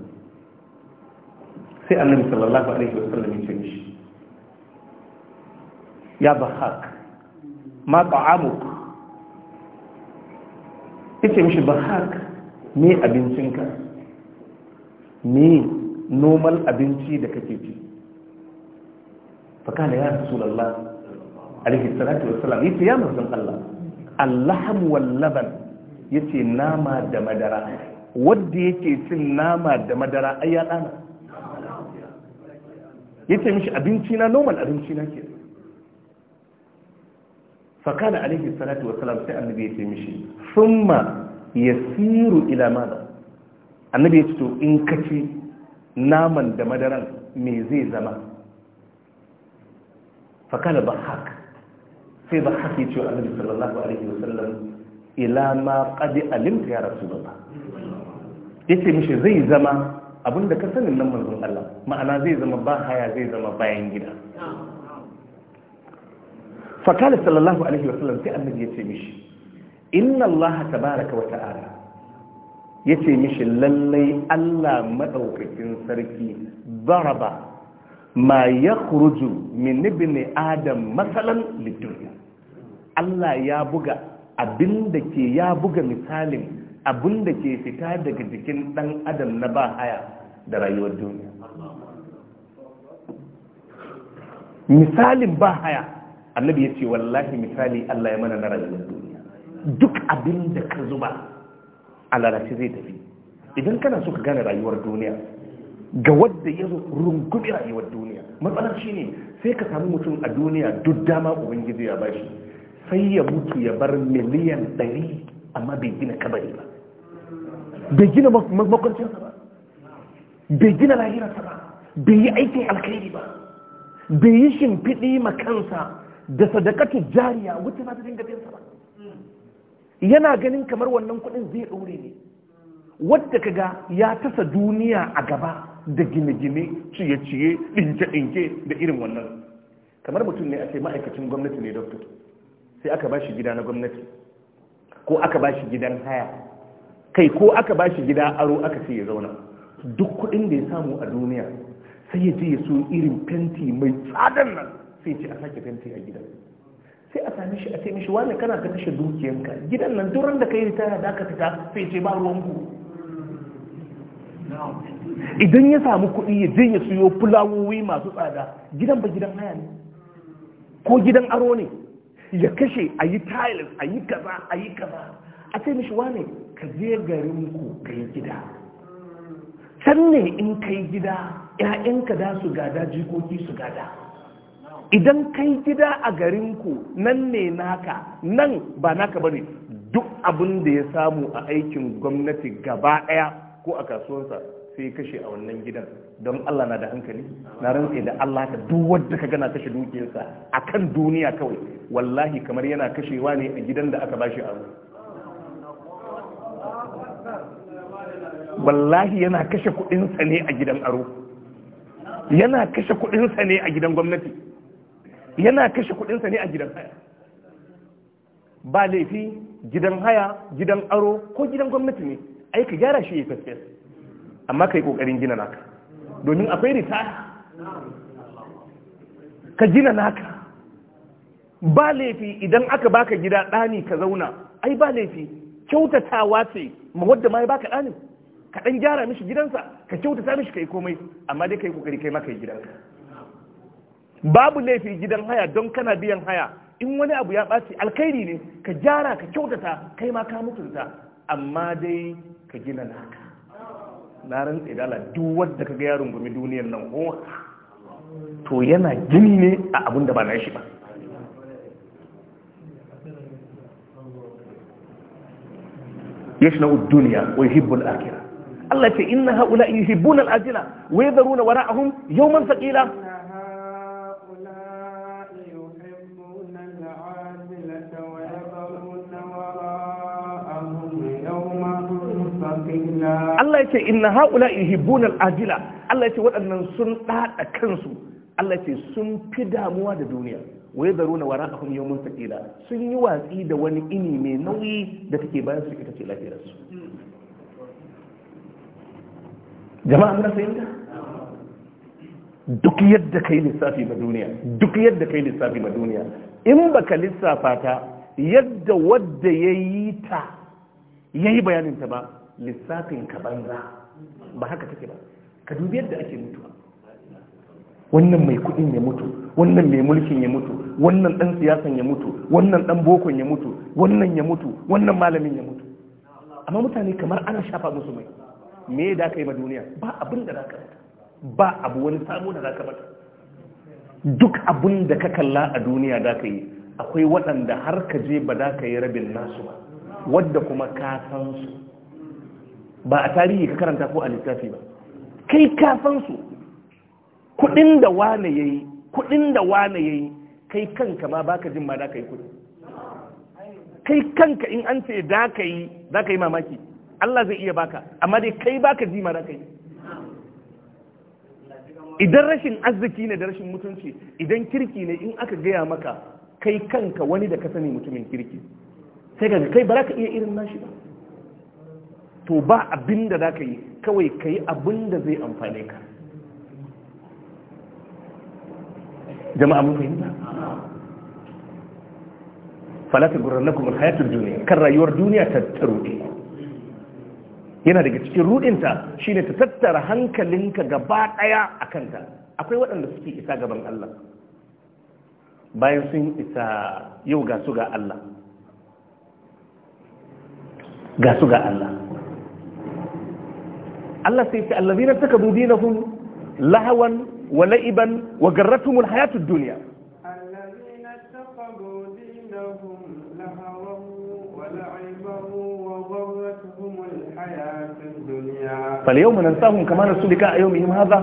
sai annabi sallallahu alaihi wa sallam ya ce mishi ya bahak ma ta'amuk yace mishi bahak me abincinka me normal abinci da kake ci fakala ya rasulullah alaihi salatu wa wassalam yace ya manzon Allah allaham wal laban ya ce nama da madara wadda yake cin nama da madara ai ya dana ya ce mishi abinci na normal abinci na ke da alaihi salatu wasalam sai annabi ya ce mishi summa ya siru ila mada annabi ya ce to in kace naman da madaran me zai zama da ba haka sai ba haka ya ce annabi sallallahu alaihi wasallam ila ma qad alimta ya rasulullah yace mishi zai zama abinda ka sanin nan manzon Allah ma'ana zai zama ba haya zai zama bayan gida fa kana sallallahu alaihi wasallam sai annabi yace mishi inna Allah tabaaraka wa ta'ala yace mishi lallai Allah madaukakin sarki daraba ma yakhruju min ibni adam masalan lidunya Allah ya buga abinda ke ya buga misalin abinda ke fita daga jikin ɗan adam na ba haya da rayuwar duniya misalin ba haya annabi ya ce wallahi misali Allah ya mana na rayuwar duniya duk abinda ka zuba a lalace zai tafi idan kana so ka gane rayuwar duniya ga wadda ya rungumi rayuwar duniya matsalar shi ne sai ka samu mutum a duniya duk dama ubangiji ya bashi sai ya mutu ya bar miliyan ɗari amma bai gina kabari ba bai gina makwancinsa ba bai gina lahirarsa ba bai yi aikin alkhairi ba bai yi shimfiɗi makansa da sadakatu jariya wuce za ta dinga biyansa ba yana ganin kamar wannan kuɗin zai ɗore ne wadda ga ya tasa duniya a gaba da gine-gine ciye-ciye ɗinke-ɗinke da irin wannan kamar mutum ne a ce ma'aikacin gwamnati ne doktor sai aka ba shi gida na gwamnati ko aka ba shi gidan haya kai ko aka ba shi gida aro aka sai ya zauna duk kudin da ya samu a duniya sai ya je ya so irin fenti mai tsadan nan sai ce a sake fenti a gidan sai a sami shi a sai mishi wani kana ka kashe dukiyanka gidan nan duran da ka yi ritaya da aka fita sai ce ba ruwanku idan ya samu kuɗi ya je ya siyo fulawowi masu tsada gidan ba gidan haya ne ko gidan aro ne ya kashe a yi tiles a yi kaza a yi kaza a ce mishi wane ka je garin ku ka yi gida can ne in ka yi gida 'ya'yanka da su gada jikoki su gada idan kai gida a garinku nan ne naka nan ba naka bane duk abin da ya samu a aikin gwamnati gaba ɗaya ko a kasuwarsa sai kashe a wannan gidan don Allah na da hankali na rantse da Allah ka duk wanda ka gana kashe dukiyarsa akan duniya kawai wallahi kamar yana kashewa ne a gidan da aka bashi aro wallahi yana kashe kudinsa ne a gidan aro yana kashe kudinsa ne a gidan gwamnati yana kashe kudinsa ne a gidan haya ba laifi gidan haya gidan aro ko gidan gwamnati ne ai ka gyara shi ya faske amma kai kokarin gina naka domin akwai rita ka gina naka ba laifi idan aka baka gida ɗani ka zauna ai ba laifi kyautatawa ce ma wadda ma ya baka ɗanin ka ɗan gyara mishi gidansa ka kyautata mishi kai komai amma dai kai kokari kai maka gidanka babu laifi gidan haya don kana biyan haya in wani abu ya ɓaci alkairi ne ka gyara ka kyautata kai ma ka mutunta amma dai ka gina naka na rantse da Allah duk wanda kaga yaron gumi duniyar nan ko oh, to yana gini ne a abin da ba na shi ba yashna ud dunya wa yuhibbu al-akhirah Allah ce inna haula yuhibbuna al-ajila wa yadhuruna wara'ahum yawman thaqila Allah ya ce inna haula yuhibbuna al-ajila Allah ya ce waɗannan sun ɗaɗa kansu Allah ya ce sun fi damuwa da duniya wa zaruna wara'ahum yawmun thaqila sun yi watsi da wani ini mai nauyi da take bayan su ita ce lafiyar su jama'a mun yadda duk yadda kai lissafi ma duniya duk yadda kai lissafi ma duniya in baka lissafa ta yadda wadda yayi ta yayi bayanin ta ba lissafin ka banza ba haka take ba ka dubi yadda ake mutuwa wannan mai kudin ya mutu wannan mai mulkin ya mutu wannan dan siyasan ya mutu wannan dan bokon ya mutu wannan ya mutu wannan malamin ya mutu amma mutane kamar ana shafa musu mai me da kai yi ma duniya ba abin da zaka mata ba abu wani sabo da zaka mata duk abin da ka kalla a duniya da kai yi akwai waɗanda har ka je ba da ka yi rabin nasu ba wadda kuma ka san su ba a tarihi ka karanta ko a littafi ba kai ka san su kudin da wane yi kudin da wane yi kai kanka ma baka jin ma da yi kudi kai kanka in an ce da za ka yi mamaki Allah zai iya baka amma dai kai baka ji ma da yi. idan rashin arziki ne da rashin mutunci idan kirki ne in aka gaya maka kai kanka wani da ka sani mutumin kirki sai ka kai ba za ka iya irin nashi ba to ba abin da za ka yi kawai ka yi abin da zai amfane ka jama'a mun fahimta falata gurar na kuma hayatar duniya kan rayuwar duniya ta taruɗe yana daga cikin rudinta shine ta tattara hankalinka gaba ɗaya a kanta akwai waɗanda suke isa gaban Allah bayan sun isa yau ga su ga Allah ga su ga Allah Allah sai ce allazina takadu dinahum lahawan wa la'iban wa garratuhum alhayatud dunya allazina takadu dinahum lahawan wa la'iban wa garratuhum alhayatud dunya falyawma nansahum kama nasu lika yawmihim hadha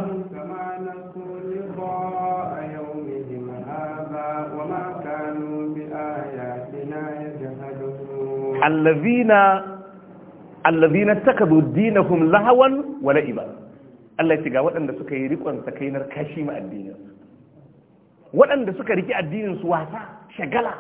allazina allazina takadu dinahum lahawan wa la'iba Allah ya ga waɗanda suka yi rikon sakainar kashi ma addinin waɗanda suka riki addinin su wasa shagala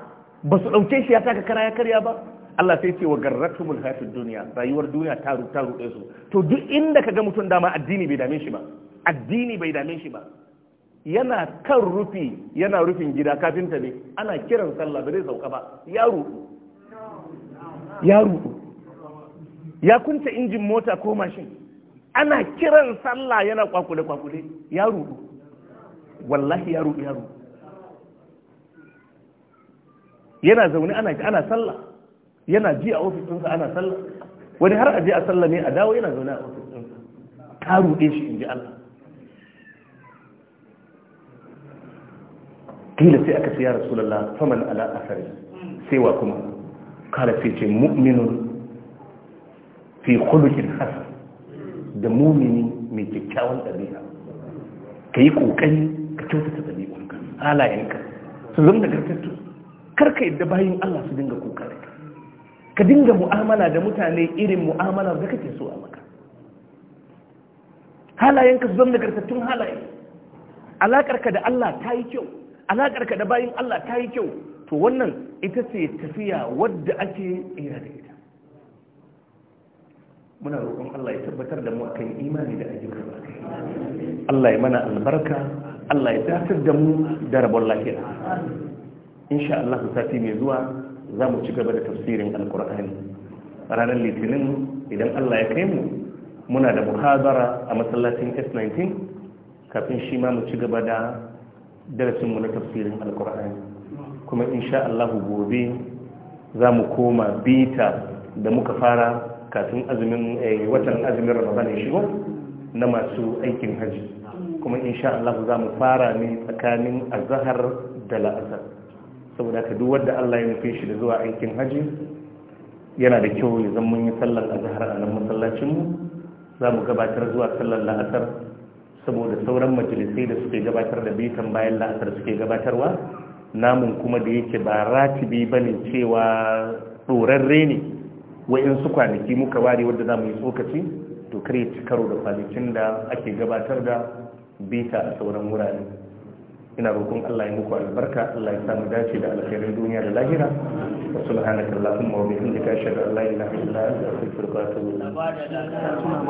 ba su ɗauke shi ya taka kara ya karya ba Allah sai ce wa garratumul hayatid duniya rayuwar duniya ta ruɗe su to duk inda ka ga mutum dama addini bai dame shi ba addini bai dame shi ba yana kan rufi yana rufin gida kafinta ne ana kiran sallah ba zai sauka ba ya ruɗu ya ruɗu ya kunta injin mota ko mashin ana kiran sallah yana kwakule kwakule ya rudu wallahi ya rudu ya rudu yana zaune ana ana sallah yana ji a ofisinsa ana sallah wani har aje a sallah ne a dawo yana zaune a ofisinsa? ka ta rude shi inji Allah kila sai aka ce ya rasulullah faman ala asari sai wa kuma kala sai ce mu'minun fi khuluqin hasan da mumini mai kyakkyawan ɗabi'a ka yi ƙoƙari ka kyautata ɗabi'unka halayenka su zama da karkatu kar ka yadda bayan Allah su dinga kuka ka dinga mu'amala da mutane irin mu'amala da kake so a maka halayenka su zama da karkatun halaye alaƙarka da Allah ta yi kyau alaƙarka da bayan Allah ta yi kyau to wannan ita ce tafiya wadda ake iya da muna roƙon Allah ya tabbatar da mu akan imani da ayyuka Allah ya mana albarka Allah ya datar da mu da rabon lafiya insha Allah sati mai zuwa za mu ci gaba da tafsirin alkur'ani ranar litinin idan Allah ya kai mu muna da muhazara a masallacin S19 kafin shi ma mu ci gaba da darasin mu na tafsirin alkur'ani kuma insha Allah gobe za mu koma bita da muka fara kafin azumin eh, watan azumin ramadan ya shigo na masu aikin haji kuma insha Allah za mu fara ne tsakanin azahar da la'asar saboda ka duk wanda Allah ya nufe shi da zuwa aikin haji yana da kyau ya zama mun yi sallar azahar a nan masallacin mu za mu gabatar zuwa sallar la'azar saboda sauran majalisai da suke gabatar da bitan bayan la'azar suke gabatarwa namun kuma da yake ba ratibi bane cewa tsorarre ne Wai su kwanaki muka ware wadda za mu yi tsokaci to kare ci karo da kwanakin da ake gabatar da bita a sauran wurare ina roƙon Allah ya muku albarka Allah ya samu dace da alkhairin duniya da lahira wa subhanaka allahumma wa bihamdika ashhadu an la ilaha illa anta astaghfiruka wa atubu ilayk